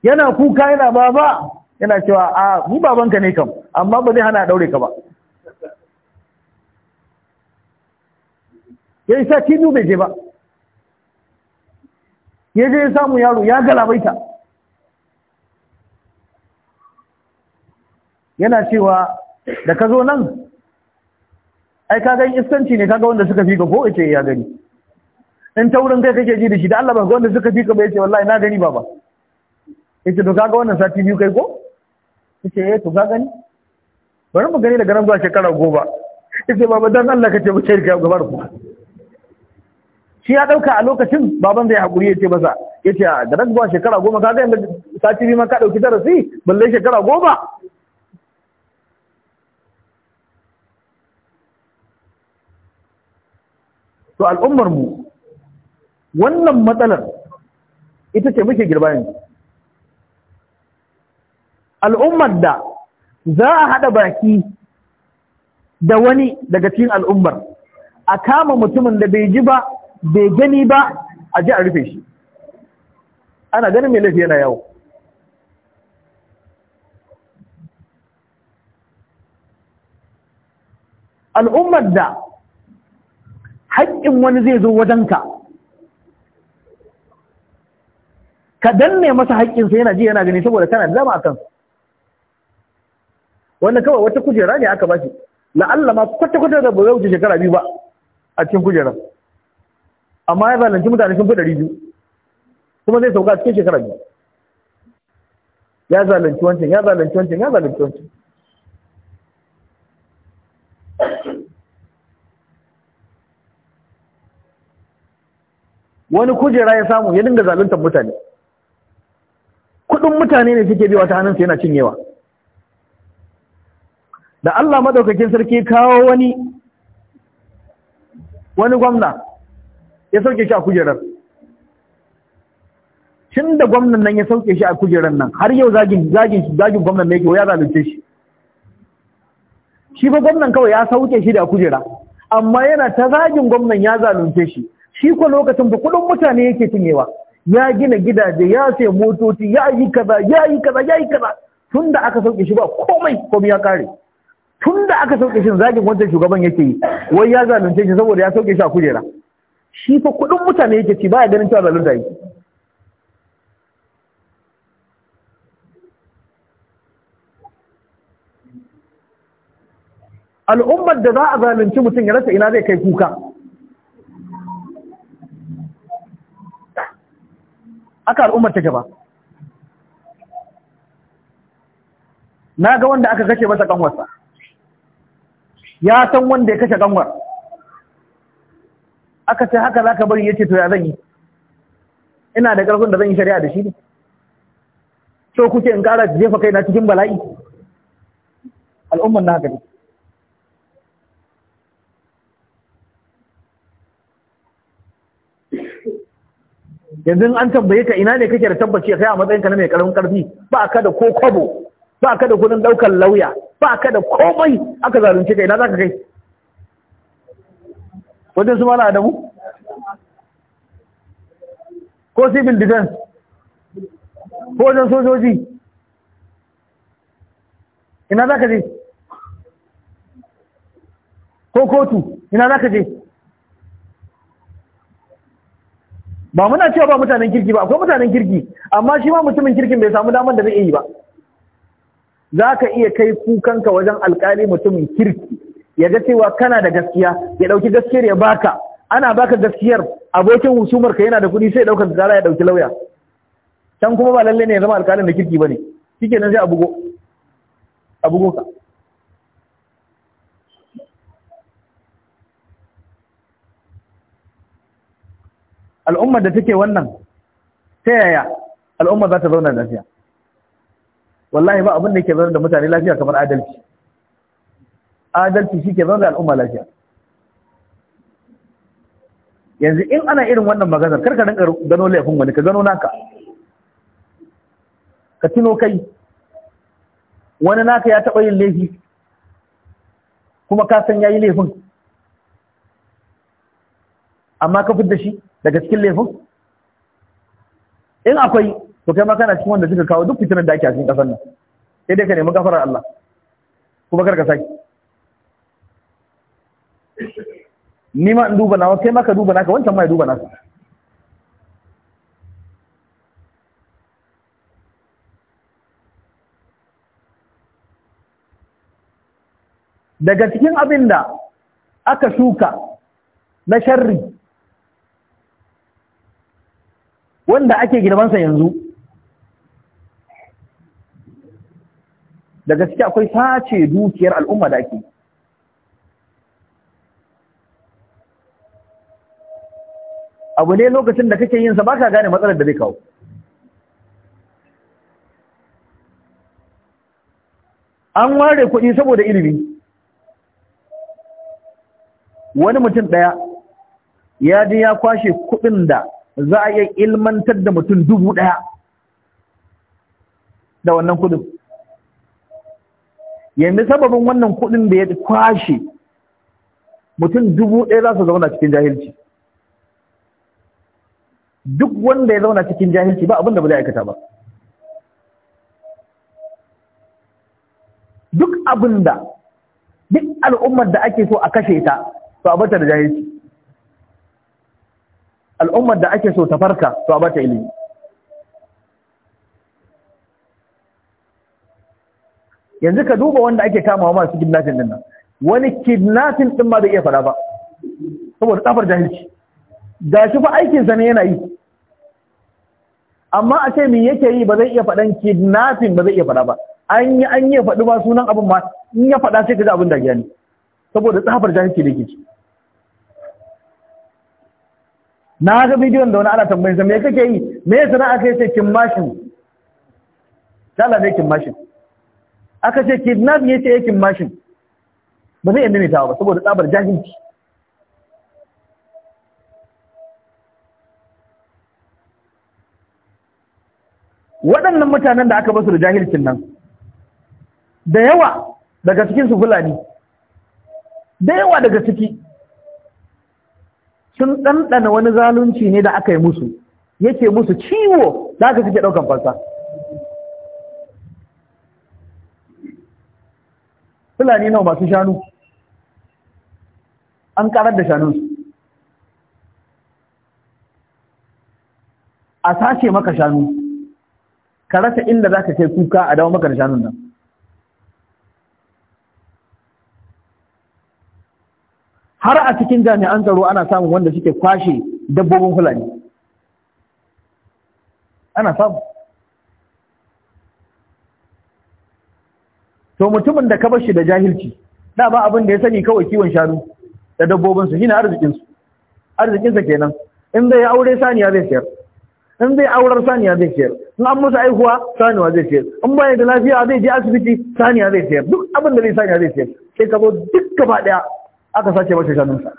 yana kuka yana baba yana cewa a mu babanka ne kam amma ba zai hana daure ka ba ya yi sati biyu bai je ba ya je ya samu yaro ya galabaita yana cewa da ka zo nan ai ka gan iskanci ne kaga wanda suka fi ga ko ce ya gani in taurin kai kake ji da shi da Allah ba ga wanda suka fi ka bai ce wallahi na gani baba yace to kaga wannan sati biyu kai ko yace eh to ka gani bari mu gani daga nan zuwa shekara goma yace baba dan Allah ce mu shirka gabar ku shi ya ɗauka a lokacin baban zai haƙuri ya ce masa ya ce da nan zuwa shekara goma ka zai sati biyu ma ka ɗauki darasi balle shekara goma to al'ummar mu wannan matsalar ita ce muke girba yanzu al'ummar da za a haɗa baki da wani daga cikin al'ummar a kama mutumin da bai ji ba bai gani ba a ji a rufe shi ana ganin mai laifi yana yawo al'ummar da haƙƙin wani zai zo wajenka ka danne masa haƙƙinsa yana ji yana gani saboda tana zama a kansu. wanda kawai wata kujera ne aka bashi la'alla ma kwata-kwata da ba zai wuce shekara biyu ba a cikin kujerar amma ya zalunci mutane sun fi ɗari biyu kuma zai sauka cikin shekara biyu ya zalunci wancan ya zalunci wancan ya zalunci wancan wani kujera ya samu ya dinga zaluntar mutane kudin mutane ne suke biya ta hannunsa yana cinyewa da Allah madaukakin sarki kawo wani wani gwamna ya sauke shi a kujerar tun da gwamnan nan ya sauke shi a kujerar nan har yau zagin zagin zagin gwamnan mai yake ya zalunce shi shi fa gwamnan kawai ya sauke shi da kujera amma yana ta zagin gwamnan ya zalunce shi shi ko lokacin ba kudin mutane yake cinyewa ya gina gidaje ya sai motoci ya yi kaza ya yi kaza ya yi kaza tun da aka sauke shi ba komai komai ya kare tun da aka sauke shi zagin wancan shugaban yake yi wai ya zalunce shi saboda ya sauke shi a kujera shi fa kudin mutane yake ci baya ganin cewa da yi al'ummar da za a zalunci mutum ya rasa ina zai kai kuka aka al'ummar take ba na ga wanda aka kashe masa kanwarsa ya san wanda ya kashe kanwar aka ce haka zaka bari yace to ya zan yi ina da karfin da zan yi shari'a da shi ne so kuke in kara jefa na cikin bala'i al'umman na haka yanzu an tambaye ka ina ne kake da tabbaci kai a matsayin na mai karamin karfi ba ka da ko kwabo ba ka da kudin daukar lauya ba ka da komai aka zalunce ka ina zaka kai wajen su mala adamu ko civil defense ko wajen sojoji ina za ka je ko kotu ina za ka je ba muna cewa ba mutanen kirki ba akwai mutanen kirki amma shi ma mutumin kirkin bai samu damar da zai yi ba za ka iya kai kukanka wajen alkali mutumin kirki ya ga cewa kana da gaskiya ya dauki gaskiyar ya baka ana baka gaskiyar abokin husumar ka yana da kuɗi sai daukar gara ya dauki lauya can kuma ba lalle ne ya zama alƙalin da kirki bane shikenan sai a bugo a bugo ka al'ummar da take wannan ta yaya al'ummar za ta zauna lafiya wallahi ba abin da ke zauna da mutane lafiya kamar adalci adalci shi ke zama da al'umma lafiya yanzu in ana irin wannan maganar karka rinka gano laifin wani ka gano naka ka tuno kai wani naka ya taɓa yin laifi kuma ka san ya yi laifin amma ka fidda shi daga cikin laifin in akwai to kai ma kana cikin wanda suka kawo duk fitinan da ake a cikin ƙasar nan sai dai ka nemi gafarar Allah kuma karka sake ni ma in duba nawa kai maka duba naka wancan ma duba naka daga cikin abin da aka shuka na sharri wanda ake girmansa yanzu daga ciki akwai sace dukiyar al'umma da ake yi. abu ne lokacin da kake yin sa baka gane matsalar da zai kawo an ware kuɗi saboda ilimi wani mutum ɗaya ya ji ya kwashe kuɗin da za a iya ilmantar da mutum dubu ɗaya da wannan kuɗin yanzu sababin wannan kuɗin da ya kwashe mutum dubu ɗaya za su zauna cikin jahilci duk wanda ya zauna cikin jahilci ba abinda ba zai aikata ba duk abinda duk al'ummar da ake so a kashe ta to a bata da jahilci al'ummar da ake so ta farka to a bata ilimi yanzu ka duba wanda ake kamawa masu kidnafin nan wani kidnafin din ma bai iya fada ba saboda tsafar jahilci ga shi fa aikinsa ne yana yi amma a ce me yake yi ba zai iya faɗan kidnapping ba zai iya faɗa ba an yi an yi faɗi ba sunan abin ma in ya faɗa sai ka ji abin da gani saboda tsafar jahilci da ke ci na ga bidiyon da wani ana tambayin sa me kake yi me ya sana'a kai ce kin mashin dala ne kin mashin aka ce kidnapping ya ce eh, kin mashin ba zai ne maimaitawa ba saboda tsabar jahilci waɗannan mutanen da aka basu da jahilcin nan da yawa daga cikin su fulani da yawa daga ciki sun ɗanɗana wani zalunci ne da aka yi musu yake musu ciwo da aka suke ɗaukan fasa fulani nawa masu shanu an ƙarar da shanunsu a sace maka shanu ka rasa inda za ka kai kuka a dawo maka da shanun nan har a cikin jami'an tsaro ana samun wanda suke kwashe dabbobin fulani ana samu to mutumin da ka bar shi da jahilci da ba abin da ya sani kawai kiwon shanu da dabbobinsu shi ne arzikinsu arzikinsa kenan in zai aure saniya zai siyar in zai aurar saniya zai siyar in an musu aihuwa saniwa zai ce in ba da lafiya zai je asibiti saniya zai ce duk abin da zai saniya zai ce sai ka zo duk gaba daya aka sace masa shanunsa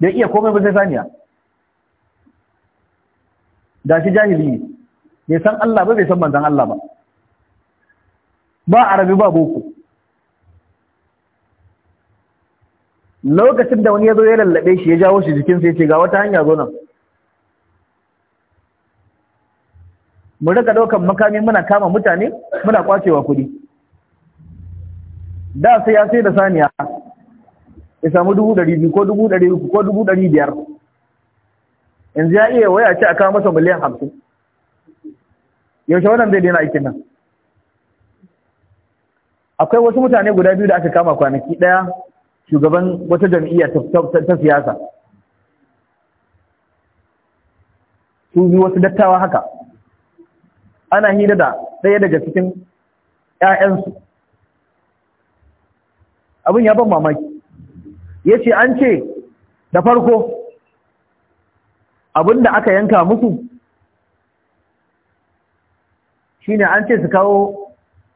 bai iya komai ba sai saniya da shi jahili ne bai san Allah ba bai san manzon Allah ba ba arabi ba boko lokacin da wani ya zo ya lallabe shi ya jawo shi jikinsa ya ce ga wata hanya zo nan mu rika ɗaukar makami muna kama mutane muna kwacewa kuɗi da sai ya sai da saniya ya samu dubu ɗari biyu ko dubu ɗari uku ko dubu ɗari biyar yanzu ya iya waya ce a kawo masa miliyan hamsin yaushe wannan zai daina aikin nan akwai wasu mutane guda biyu da aka kama kwanaki ɗaya shugaban wata jam'iyya ta siyasa su biyu wasu dattawa haka ana hira da ɗaya daga cikin ‘ya'yansu abin ya ban mamaki ya ce an ce da farko abin da aka yanka musu shi ne an ce su kawo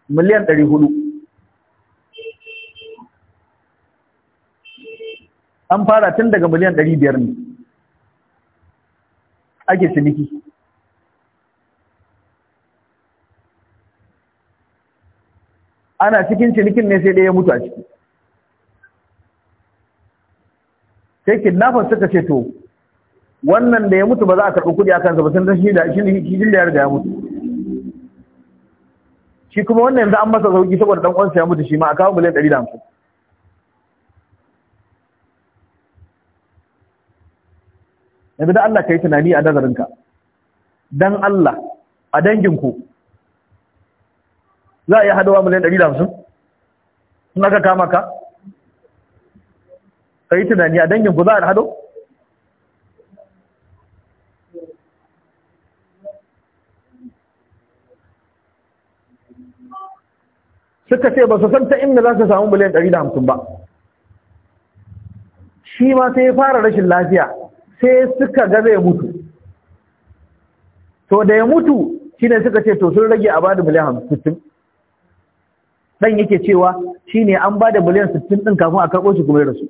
miliyan ɗari hudu an fara tun daga miliyan ɗari biyar ne ake ciniki ana cikin cinikin ne sai ɗaya ya mutu a ciki sai kidnappers suka ce to wannan da ya mutu ba za a karɓi kuɗi a kansa ba sun san shi da ya riga ya mutu shi kuma wannan yanzu an masa sauki saboda ɗan uwansa ya mutu shi ma a kawo miliyan ɗari da hamsin yanzu da Allah ka yi tunani a nazarinka don Allah a danginku za a iya hadawa miliyan ɗari da hamsin? suna ka kama ka ka yi tunani a dangin ku za a hado suka ce ba su san ta inda za su samu miliyan ɗari da hamsin ba shi ma sai fara rashin lafiya sai suka ga zai mutu to da ya mutu shi ne suka ce to sun rage a bada miliyan hamsin. dan yake cewa shine an bada miliyan 60 din kafin a karbo shi kuma ya rasu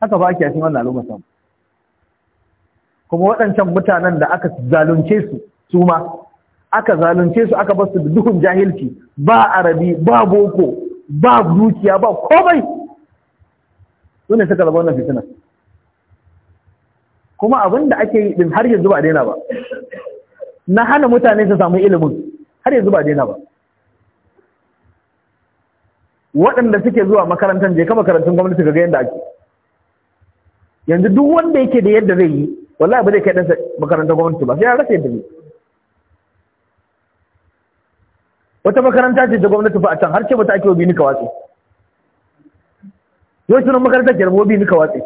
haka ba ake wannan al'umma samu kuma waɗancan mutanen da aka zalunce su su ma aka zalunce su aka basu da duhun jahilci ba arabi ba boko ba dukiya ba komai sune suka zaba wannan fitinar kuma abin da ake yi din har yanzu ba daina ba na hana mutane su samu ilimin har yanzu ba daina ba waɗanda suke zuwa makarantar je ka makarantun gwamnati ga yadda ake yanzu duk wanda yake da yadda zai yi wallahi ba zai kai ɗansa makarantar gwamnati ba sai ya rasa yadda zai wata makaranta ce ta gwamnati fa a can har ce mata ake wa bini ka watsi yau sunan makarantar ke rabuwa bini ka watsi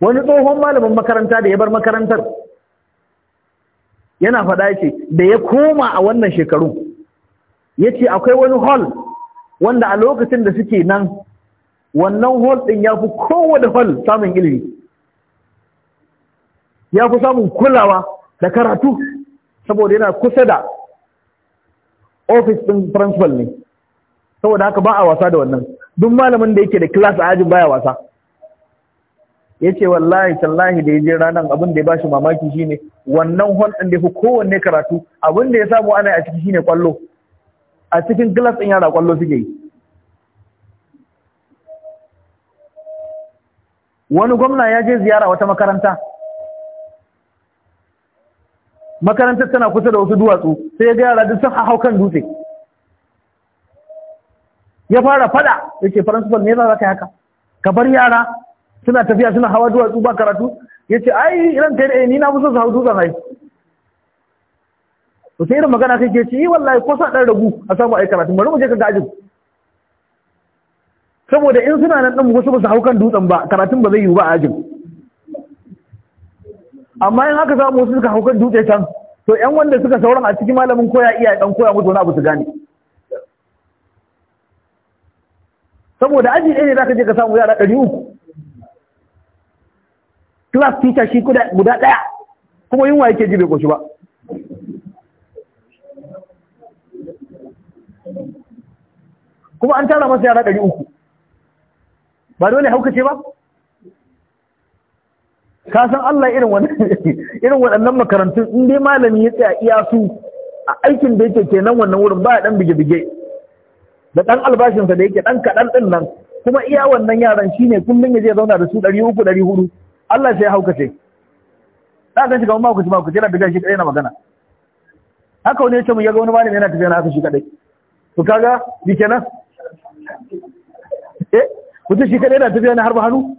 wani tsohon malamin makaranta da ya bar makarantar yana faɗa yake da ya koma a wannan shekaru ya ce akwai wani hall wanda a lokacin da suke nan wannan hall ɗin ya fi kowane hall samun ilimi ya fi samun kulawa da karatu saboda yana kusa da ofis ɗin principal ne saboda haka ba a wasa da wannan duk malamin da yake da class a ajin baya wasa ya ce wallahi tallahi da ya je ranar abin da ya bashi mamaki shine wannan hulɗin da ya fi kowanne karatu abin da ya samu ana a ciki shine kwallo a cikin glass ɗin yara kwallo suke yi wani gwamna ya je ziyara wata makaranta makarantar tana kusa da wasu duwatsu sai ya ga yara duk sun hau kan dutse ya fara fada ya ce faransifal me za ka yi haka ka bar yara suna tafiya suna hawa duwatsu ba karatu ya ce ai ran kai ni na musu su hau dutsen ai to sai irin magana kai ke ci, wallahi ko sa dan ragu a samu ai karatu bari mu je ka gajin saboda in suna nan din su ba su hau kan dutsen ba karatun ba zai yiwu ba a ajin amma in aka samu su suka hau kan dutse can to yan wanda suka sauran a cikin malamin koya iya dan koya musu wani abu su gane saboda aji ɗaya ne za ka je ka samu yara ɗari uku class teacher shi guda ɗaya kuma yunwa yake ji bai koshi ba kuma an tara masa yara ɗari uku ba dole haukace ba ka san Allah irin waɗannan makarantun in dai malami ya tsaya iya su a aikin da yake kenan wannan wurin ba ɗan bige-bige da ɗan albashinsa da yake ɗan kaɗan ɗin nan kuma iya wannan yaran shine kullum ya je zauna da su ɗari uku ɗari hudu Allah sai ya haukace da kan shiga mako ci mako yana daga shi kai na magana haka wani ya ce mu yaga wani malami yana tafiya na haka shi kadai to kaga ni kenan eh mutum shi kadai yana tafiya na harba hannu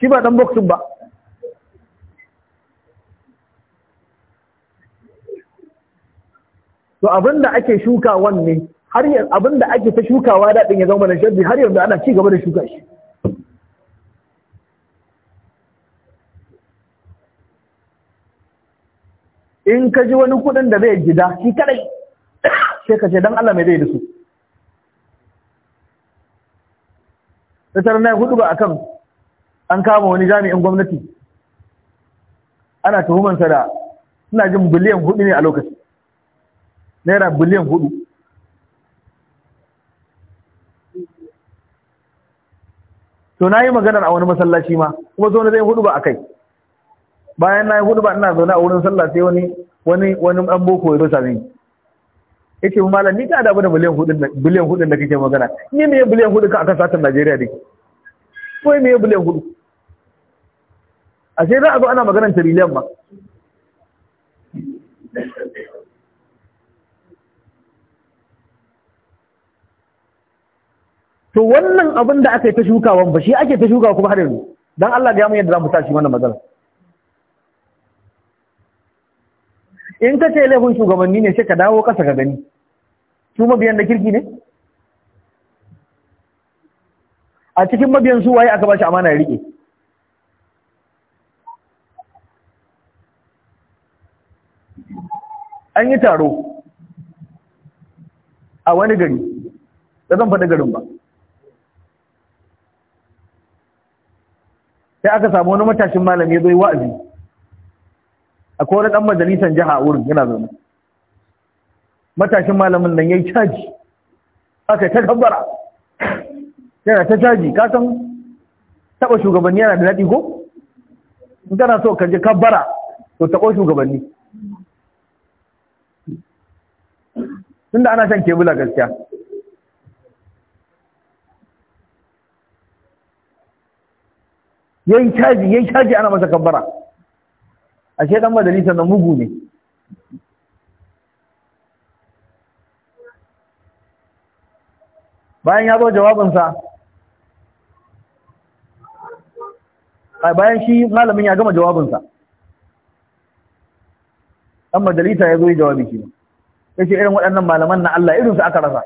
shi ba dan boxing ba to abinda ake shukawan ne har yanzu abinda ake ta shukawa dadin ya zama da sharri har yanzu ana ci gaba da shuka shi in ka ji wani kudin da zai gida shi kadai sai ka ce don Allah mai zai da su tattara na hudu ba kan an kama wani jami'in gwamnati ana tuhumansa da suna jin biliyan hudu ne a lokaci naira biliyan hudu to na yi maganar a wani masallaci ma kuma zo na zai hudu ba a kai bayan na yi hudu ba ina zaune a wurin sallah sai wani wani wani an boko ya rusa min yace mu malam ni ka da bada miliyan hudu biliyan hudu da kake magana ni me biliyan hudu ka aka satar Najeriya dake ko me biliyan hudu ashe za a zo ana maganar trillion ma to wannan abin da aka yi ta shukawan ba shi ake ta shukawa kuma har yanzu dan Allah ya mu yadda za mu tashi wannan magana in ka ce laifin shugabanni ne sai ka dawo kasa ka gani su mabiyan da kirki ne a cikin mabiyan su waye aka ba shi amana ya rike an yi taro a wani gari da zan faɗi garin ba sai aka samu wani matashin malami ya zo yi wa'azi akwai wani dan majalisan jiha a wurin yana zaune matashin malamin nan yi caji aka ta gabara yana ta caji kasan taɓa shugabanni yana da naɗi ko in kana so ka je kabbara to taɓa shugabanni tunda ana shan kebula gaskiya yayi caji yayi caji ana masa kabbara ashe ɗan majalisa na mugu ne bayan ya zo jawabinsa bayan shi malamin ya gama jawabinsa ɗan majalisa ya zo yi jawabi shi ya ce irin waɗannan malaman na Allah irinsu aka rasa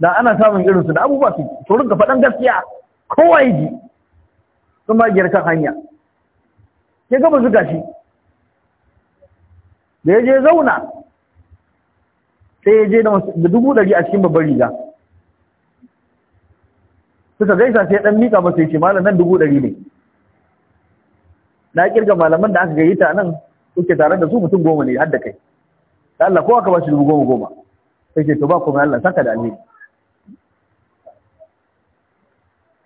da ana samun irinsu da abubuwa su turin ga faɗan gaskiya kowa yi ji sun ma kan hanya ya gaba zuga shi da ya je zauna sai ya je da dubu ɗari a cikin babbar riga suka gaisa sai ɗan mika masu ce malam nan dubu ɗari ne na kirga malaman da aka ta nan suke tare da su mutum goma ne har da kai da Allah kowa ka ba shi dubu goma goma sai ce to ba kuma Allah saka da alheri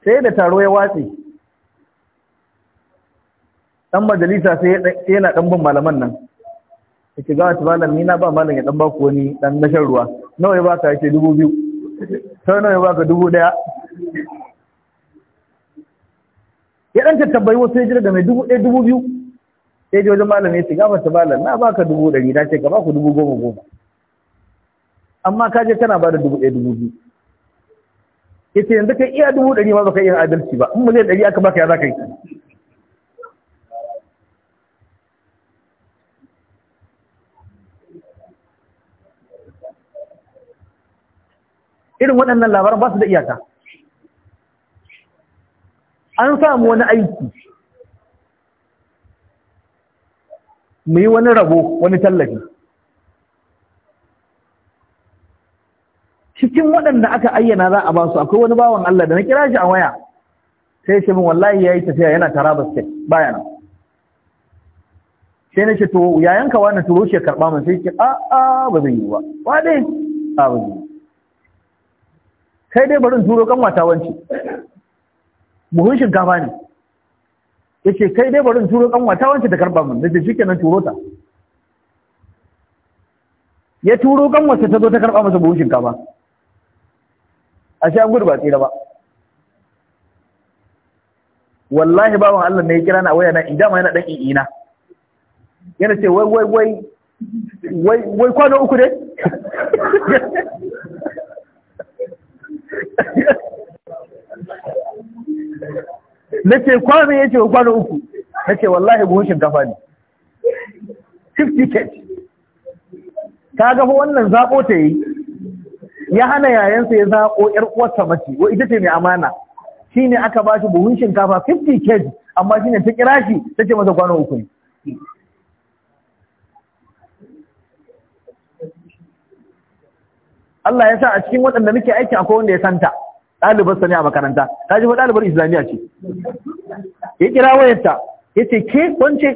sai da taro ya watse dan majalisa sai yana dan bin malaman nan yake ga ta malam ni na ba malam ya dan ba ku wani dan na shan ruwa nawa ya baka yake dubu biyu sai nawa ya baka dubu daya ya dan tabbai wasu ya jira da mai dubu ɗaya dubu biyu sai ji wajen malam ya ce ga ta malam na baka dubu ɗari na ce ka ba ku dubu goma goma amma ka je kana ba da dubu ɗaya dubu biyu ya ce yanzu kai iya dubu ɗari ma baka yin adalci ba in zai ɗari aka baka ya za ka yi irin waɗannan labaran ba su da iyaka an samu wani aiki mu yi wani rabo wani tallafi cikin waɗanda aka ayyana za a ba su akwai wani bawan Allah da na kira shi a waya sai shi min wallahi ya yi tafiya yana tara ba baya nan sai na ce to yanka wani turo shi karba mun sai ce a a ba zai yi ba wa dai a ba zai kai dai barin turo kan wata wanci buhun shinkafa ne yake kai dai barin turo kan wata wanci ta karba mun nace nan turo ta ya turo kan wata ta zo ta karba masa buhun shinkafa a an gudu ba tsira ba wallahi bawan Allah ne ya kira na waya na in ma yana dan na. yana ce wai wai wai wai kwano uku ne nace ce wa kwanu uku nace wallahi buhun shinkafa ne 50 kg ta fa wannan zaɓo ta yi ya hana yayansa ya zaɓo ƴar uwarsa mace wa ita ce mai amana Shi ne aka ba shi buhun shinkafa 50 kg amma shi ne ta kira shi ce masa kwanu uku ne Allah ya sa a cikin waɗanda muke aiki akwai wanda ya santa ɗalibar sani ne a makaranta ta ji fa ɗalibar islamiyya ce ya kira wayarta ya ce ke wance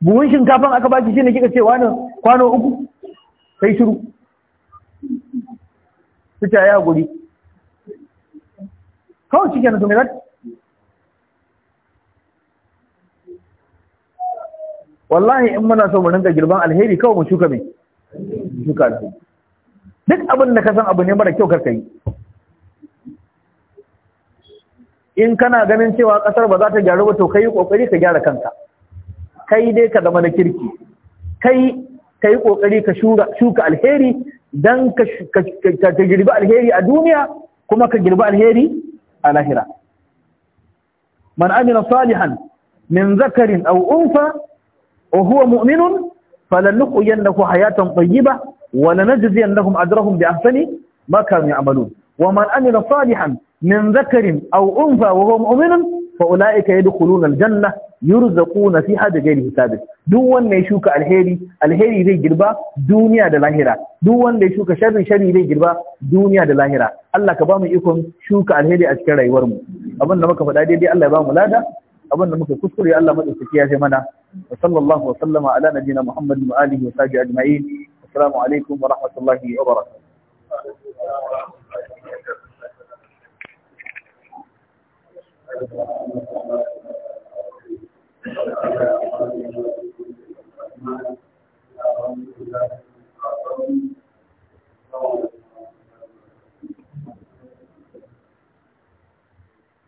buhun shinkafan aka baki shi ne kika ce wani kwano uku sai shiru su ta ya guri kawai cikin na sumirat wallahi in muna so mu rinka girban alheri kawai mu shuka mai shuka duk abin da ka san abu ne mara kyau karka yi in kana ganin cewa kasar ba za ta gyaru ba to kai kokari ka gyara kanka kai dai ka zama na kirki kai kai kokari ka shura shuka alheri dan ka ka girbi alheri a duniya kuma ka girbi alheri a lahira man amila salihan min zakarin aw unfa wa huwa mu'minun falanuqyannahu hayatan tayyiba wa lanajziyannahum ajrahum bi ahsani ma kanu ya'malun wa man amila salihan min zakarin aw unfa wa huwa mu'minun fa ulaika yadkhuluna aljanna yurzaquna fiha bighairi hisab duk wanda ya shuka alheri alheri zai girba duniya da lahira duk wanda ya shuka sharri sharri zai girba duniya da lahira Allah ka bamu ikon shuka alheri a cikin rayuwar mu abin da muka faɗa daidai Allah ya bamu lada abin da muka kuskure Allah madaukaki ya sai mana wa sallallahu wa sallama ala nabiyina Muhammadin wa alihi wa sahbihi Thank you.